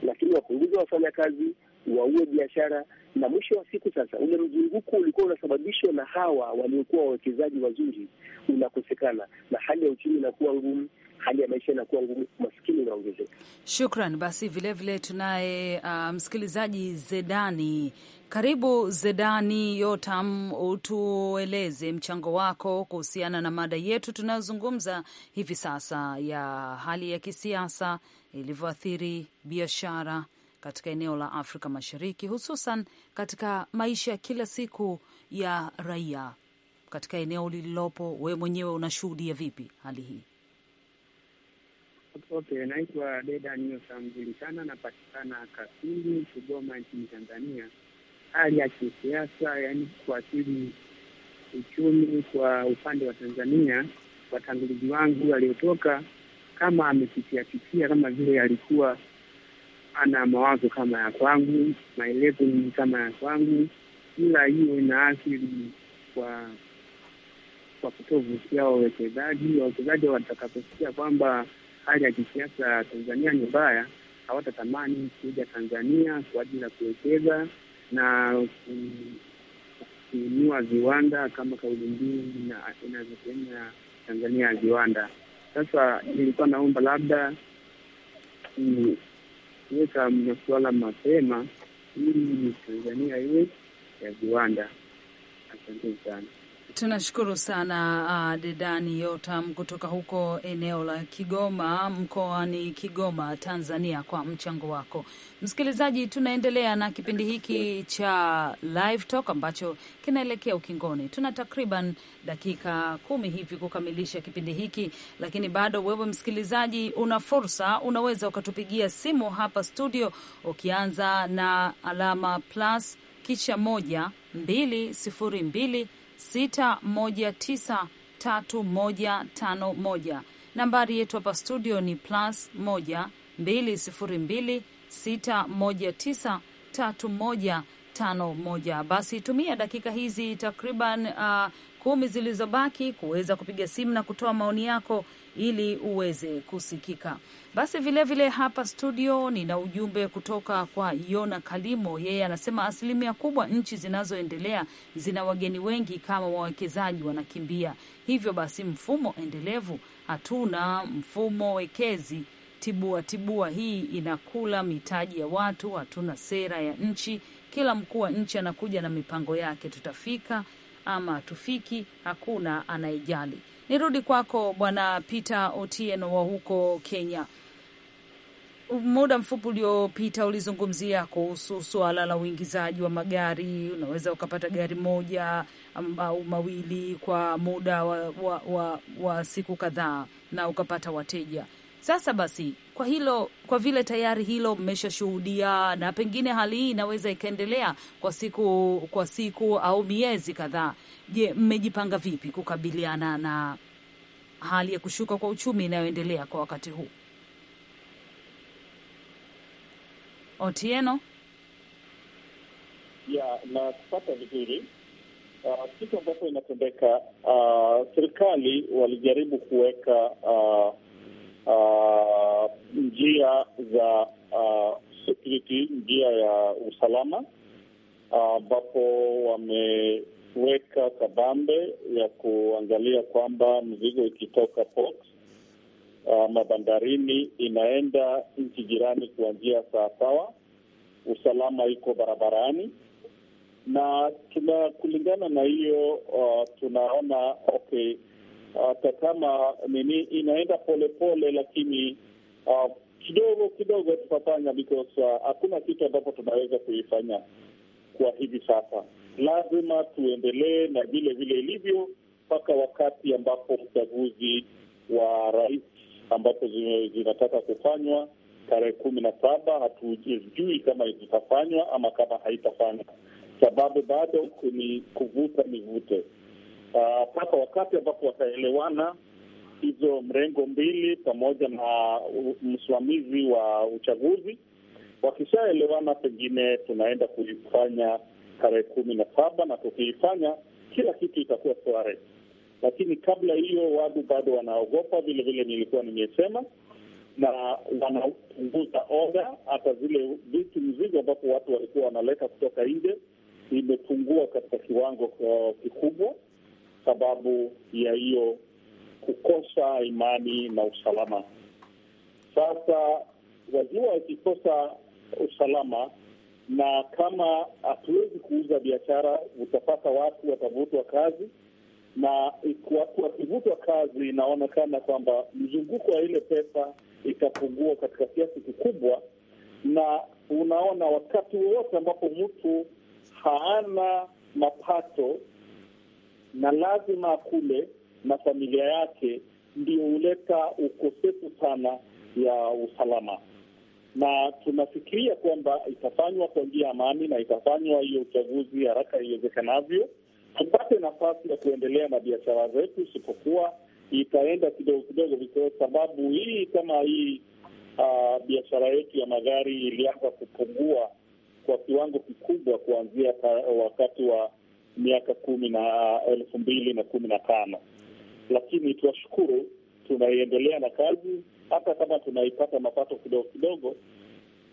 lakini wapunguze wafanyakazi, waue biashara na mwisho wa siku sasa, ule mzunguko ulikuwa unasababishwa na hawa waliokuwa wawekezaji wazuri unakosekana, na hali ya uchumi inakuwa ngumu, hali ya maisha inakuwa ngumu, maskini unaongezeka. Shukran. Basi vilevile tunaye uh, msikilizaji Zedani. Karibu Zedani Yotam, utueleze mchango wako kuhusiana na mada yetu tunayozungumza hivi sasa ya hali ya kisiasa ilivyoathiri biashara katika eneo la Afrika Mashariki, hususan katika maisha ya kila siku ya raia katika eneo lililopo. Wewe mwenyewe unashuhudia vipi hali hii? Okay, naitwa Deda Nyusa sana napatikana Kasulu, Kigoma nchini Tanzania. Hali ya kisiasa yaani kuathiri uchumi kwa upande wa Tanzania, watangulizi wangu waliotoka kama amepitiapitia kama vile alikuwa ana mawazo kama ya kwangu, maelezo ni kama ya kwangu, ila hiyo ina athiri kwa kwa kutovutia wawekezaji. Wawekezaji watakaposikia kwamba hali ya kisiasa Tanzania ni mbaya, hawatatamani kuja Tanzania kwa ajili ya kuwekeza na kununua viwanda kama kauli mbiu inavyosema Tanzania ya viwanda. Sasa nilikuwa naomba labda kuweka masuala mapema ili Tanzania iwe ya viwanda. Asanteni sana. Tunashukuru sana uh, Dedani Yotam kutoka huko eneo la Kigoma mkoani Kigoma, Tanzania, kwa mchango wako. Msikilizaji, tunaendelea na kipindi hiki cha Live Talk ambacho kinaelekea ukingoni. Tuna takriban dakika kumi hivi kukamilisha kipindi hiki, lakini bado wewe msikilizaji una fursa, unaweza ukatupigia simu hapa studio ukianza na alama plus kisha moja mbili sifuri mbili 6193151. Nambari yetu hapa studio ni plus 1 202 Basi tumia dakika hizi takriban uh, kumi zilizobaki kuweza kupiga simu na kutoa maoni yako ili uweze kusikika. Basi vilevile vile hapa studio nina ujumbe kutoka kwa Yona Kalimo. Yeye anasema asilimia kubwa nchi zinazoendelea zina wageni wengi kama wawekezaji wanakimbia. Hivyo basi mfumo endelevu hatuna, mfumo wekezi tibua tibua hii inakula mitaji ya watu, hatuna sera ya nchi. Kila mkuu wa nchi anakuja na mipango yake, tutafika ama hatufiki, hakuna anayejali. Nirudi kwako Bwana Peter Otieno wa huko Kenya. Muda mfupi uliopita ulizungumzia kuhusu suala la uingizaji wa magari. Unaweza ukapata gari moja au mawili kwa muda wa, wa, wa, wa siku kadhaa na ukapata wateja. Sasa basi kwa hilo, kwa vile tayari hilo mmeshashuhudia, na pengine hali hii inaweza ikaendelea kwa siku kwa siku au miezi kadhaa. Je, mmejipanga vipi kukabiliana na hali ya kushuka kwa uchumi inayoendelea kwa wakati huu? Otieno ya na kupata vizuri ah, kitu ambacho inatendeka uh, serikali walijaribu kuweka uh, uh, njia za uh, security, njia ya usalama ah, ambapo uh, wameweka kabambe ya kuangalia kwamba mzigo ikitoka port uh, mabandarini inaenda nchi jirani kuanzia njia sawasawa. Usalama iko barabarani na tuna kulingana na hiyo uh, tunaona okay, hata kama nini inaenda polepole pole, lakini uh, kidogo kidogo tutafanya because ah, hakuna uh, kitu ambapo tunaweza kuifanya kwa hivi sasa. Lazima tuendelee na vile vile ilivyo mpaka wakati ambapo uchaguzi wa rais ambapo zinataka kufanywa tarehe kumi na saba. Hatujui kama zitafanywa ama kama haitafanywa, sababu bado ni kuvuta nivute mpaka ah, uh, wakati ambapo wataelewana hizo mrengo mbili pamoja na msimamizi wa uchaguzi. Wakishaelewana, pengine tunaenda kuifanya tarehe kumi na saba na tukiifanya kila kitu itakuwa sware, lakini kabla hiyo watu bado wanaogopa vile vile nilikuwa nimesema, na wanapunguza oda. Hata zile vitu mzigo ambapo watu walikuwa wanaleta kutoka nje imepungua katika kiwango eh, kikubwa sababu ya hiyo kukosa imani na usalama. Sasa wajua, wakikosa usalama, na kama hatuwezi kuuza biashara, utapata watu watavutwa kazi, na watu wakivutwa kazi, inaonekana kwamba mzunguko wa ile pesa itapungua katika kiasi kikubwa, na unaona, wakati wowote ambapo mtu haana mapato na lazima akule na familia yake, ndio huleta ukosefu sana ya usalama, na tunafikiria kwamba itafanywa kwa njia ya amani na itafanywa hiyo uchaguzi haraka iwezekanavyo, tupate nafasi ya kuendelea na biashara zetu, isipokuwa itaenda kidogo kidogo, kwa sababu hii kama hii uh, biashara yetu ya magari ilianza kupungua kwa kiwango kikubwa kuanzia wakati wa miaka kumi na elfu mbili na kumi na tano lakini tuwashukuru, tunaiendelea na kazi hata kama tunaipata mapato kidogo kidogo,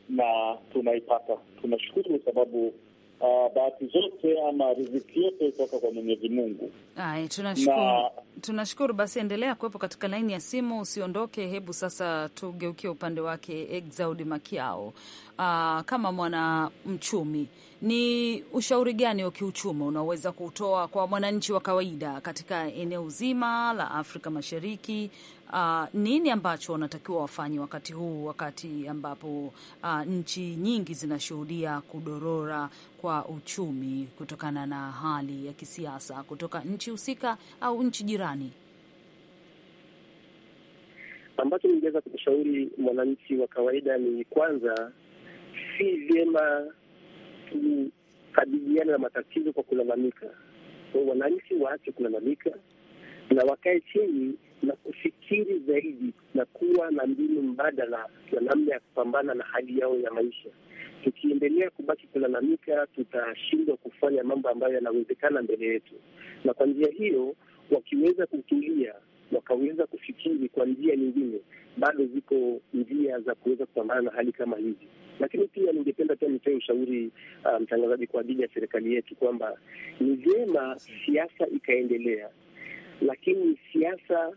na tunaipata tunashukuru, sababu uh, bahati zote ama riziki yote kutoka kwa Mwenyezi Mungu. Ai, tunashukuru na... tunashukuru. Basi endelea kuwepo katika laini ya simu, usiondoke. Hebu sasa tugeukie upande wake Exaudi Makiao. Uh, kama mwana mchumi, ni ushauri gani wa kiuchumi unaweza kutoa kwa mwananchi wa kawaida katika eneo zima la Afrika Mashariki uh, nini ambacho wanatakiwa wafanye wakati huu, wakati ambapo uh, nchi nyingi zinashuhudia kudorora kwa uchumi kutokana na hali ya kisiasa kutoka nchi husika au nchi jirani? Ambacho ningeweza kumshauri mwananchi wa kawaida ni kwanza, si vyema kukabiliana na matatizo kwa kulalamika. Wananchi waache kulalamika na wakae chini na kufikiri zaidi na kuwa na mbinu mbadala na namna ya kupambana na hali yao ya maisha. Tukiendelea kubaki kulalamika, tutashindwa kufanya mambo ambayo yanawezekana mbele yetu, na kwa njia hiyo wakiweza kutulia wakaweza kufikiri kwa njia nyingine, bado ziko njia za kuweza kupambana na hali kama hizi. Lakini pia ningependa pia nitoe ushauri ah, mtangazaji, um, kwa ajili ya serikali yetu kwamba ni vyema siasa ikaendelea, lakini siasa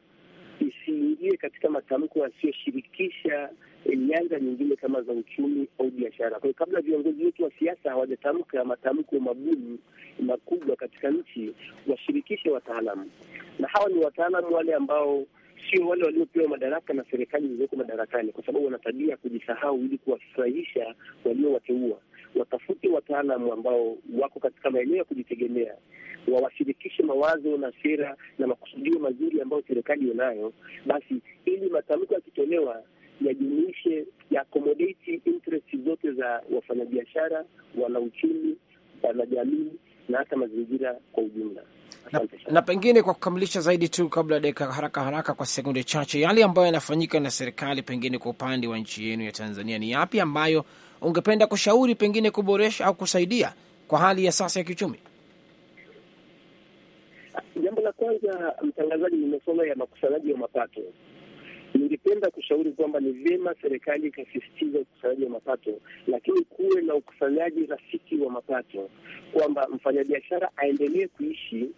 isiingie katika matamko yasiyoshirikisha eh, nyanja nyingine kama za uchumi au biashara. Kwa hiyo kabla viongozi wetu wa siasa hawajatamka matamko magumu makubwa katika nchi, washirikishe wataalamu, na hawa ni wataalamu wale ambao sio wale waliopewa madaraka na serikali zilizoko madarakani, kwa sababu wana tabia ya kujisahau ili kuwafurahisha waliowateua watafute wataalamu ambao wako katika maeneo ya kujitegemea, wawashirikishe mawazo na sera na makusudio mazuri ambayo serikali inayo, basi ili matamko yakitolewa yajumuishe ya accommodate interest zote za wafanyabiashara, wanauchumi, wanajamii na hata mazingira kwa ujumla. Na, na pengine kwa kukamilisha zaidi tu kabla ya dakika haraka haraka kwa sekunde chache, yale ambayo yanafanyika na serikali pengine kwa upande wa nchi yenu ya Tanzania ni yapi ambayo ungependa kushauri pengine kuboresha au kusaidia kwa hali ya sasa ya kiuchumi? Jambo la kwanza, mtangazaji, ni masuala ya makusanyaji wa mapato. Ningependa kushauri kwamba ni vyema serikali ikasisitiza ukusanyaji wa mapato, lakini kuwe na ukusanyaji rafiki wa mapato, kwamba mfanyabiashara aendelee kuishi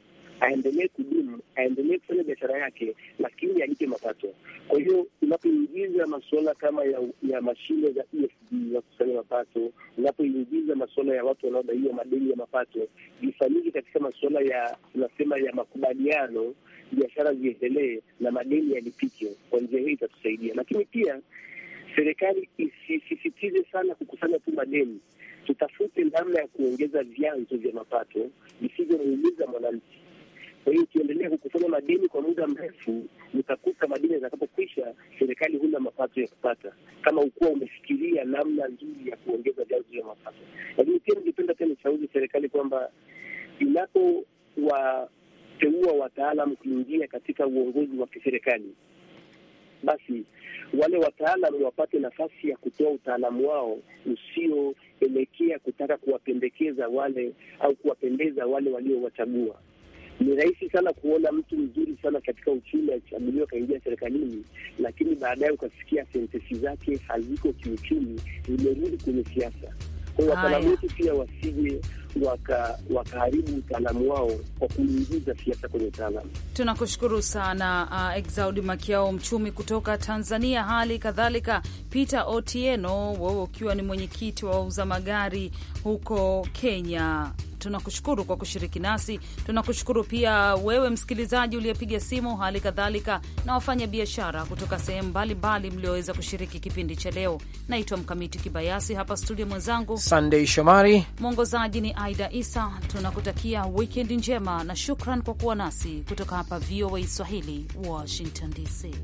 aendelee kudumu, aendelee kufanya biashara yake, lakini alipe mapato. Kwa hiyo unapoingiza masuala kama ya, ya mashine za EFD za kukusanya mapato, unapoingiza masuala ya watu wanaodaiwa madeni ya mapato, vifanyike katika masuala ya tunasema ya makubaliano, biashara ziendelee na madeni yalipike. Kwa njia hii itatusaidia, lakini pia serikali isisisitize sana kukusanya tu madeni. Tutafute namna ya kuongeza vyanzo vya mapato visivyomuumiza mwananchi. Kwa hiyo ukiendelea kukusanya madini kwa muda mrefu, utakuta madini yatakapokwisha, serikali huna mapato ya kupata, kama ukuwa umefikiria namna nzuri ya kuongeza vyanzo vya mapato. Lakini pia ningependa pia nishauri serikali kwamba inapowateua wataalam kuingia katika uongozi wa kiserikali, basi wale wataalam wapate nafasi ya kutoa utaalamu wao usioelekea kutaka kuwapendekeza wale au kuwapendeza wale waliowachagua. Ni rahisi sana kuona mtu mzuri sana katika uchumi achaguliwa akaingia serikalini, lakini baadaye ukasikia sentesi zake haziko kiuchumi, zimerudi kwenye siasa. Kwa hiyo wataalamu wetu pia wasije waka wakaharibu utaalamu wao kwa kuingiza siasa kwenye utaalamu. Tunakushukuru sana uh, Exaudi Makiao, mchumi kutoka Tanzania. Hali kadhalika Peter Otieno, wewe ukiwa ni mwenyekiti wa wauza magari huko Kenya tunakushukuru kwa kushiriki nasi. Tunakushukuru pia wewe msikilizaji uliyepiga simu, hali kadhalika na wafanya biashara kutoka sehemu mbalimbali mlioweza kushiriki kipindi cha leo. Naitwa Mkamiti Kibayasi, hapa studio mwenzangu Sandei Shomari, mwongozaji ni Aida Isa. Tunakutakia wikend njema na shukran kwa kuwa nasi kutoka hapa VOA Swahili, Washington DC.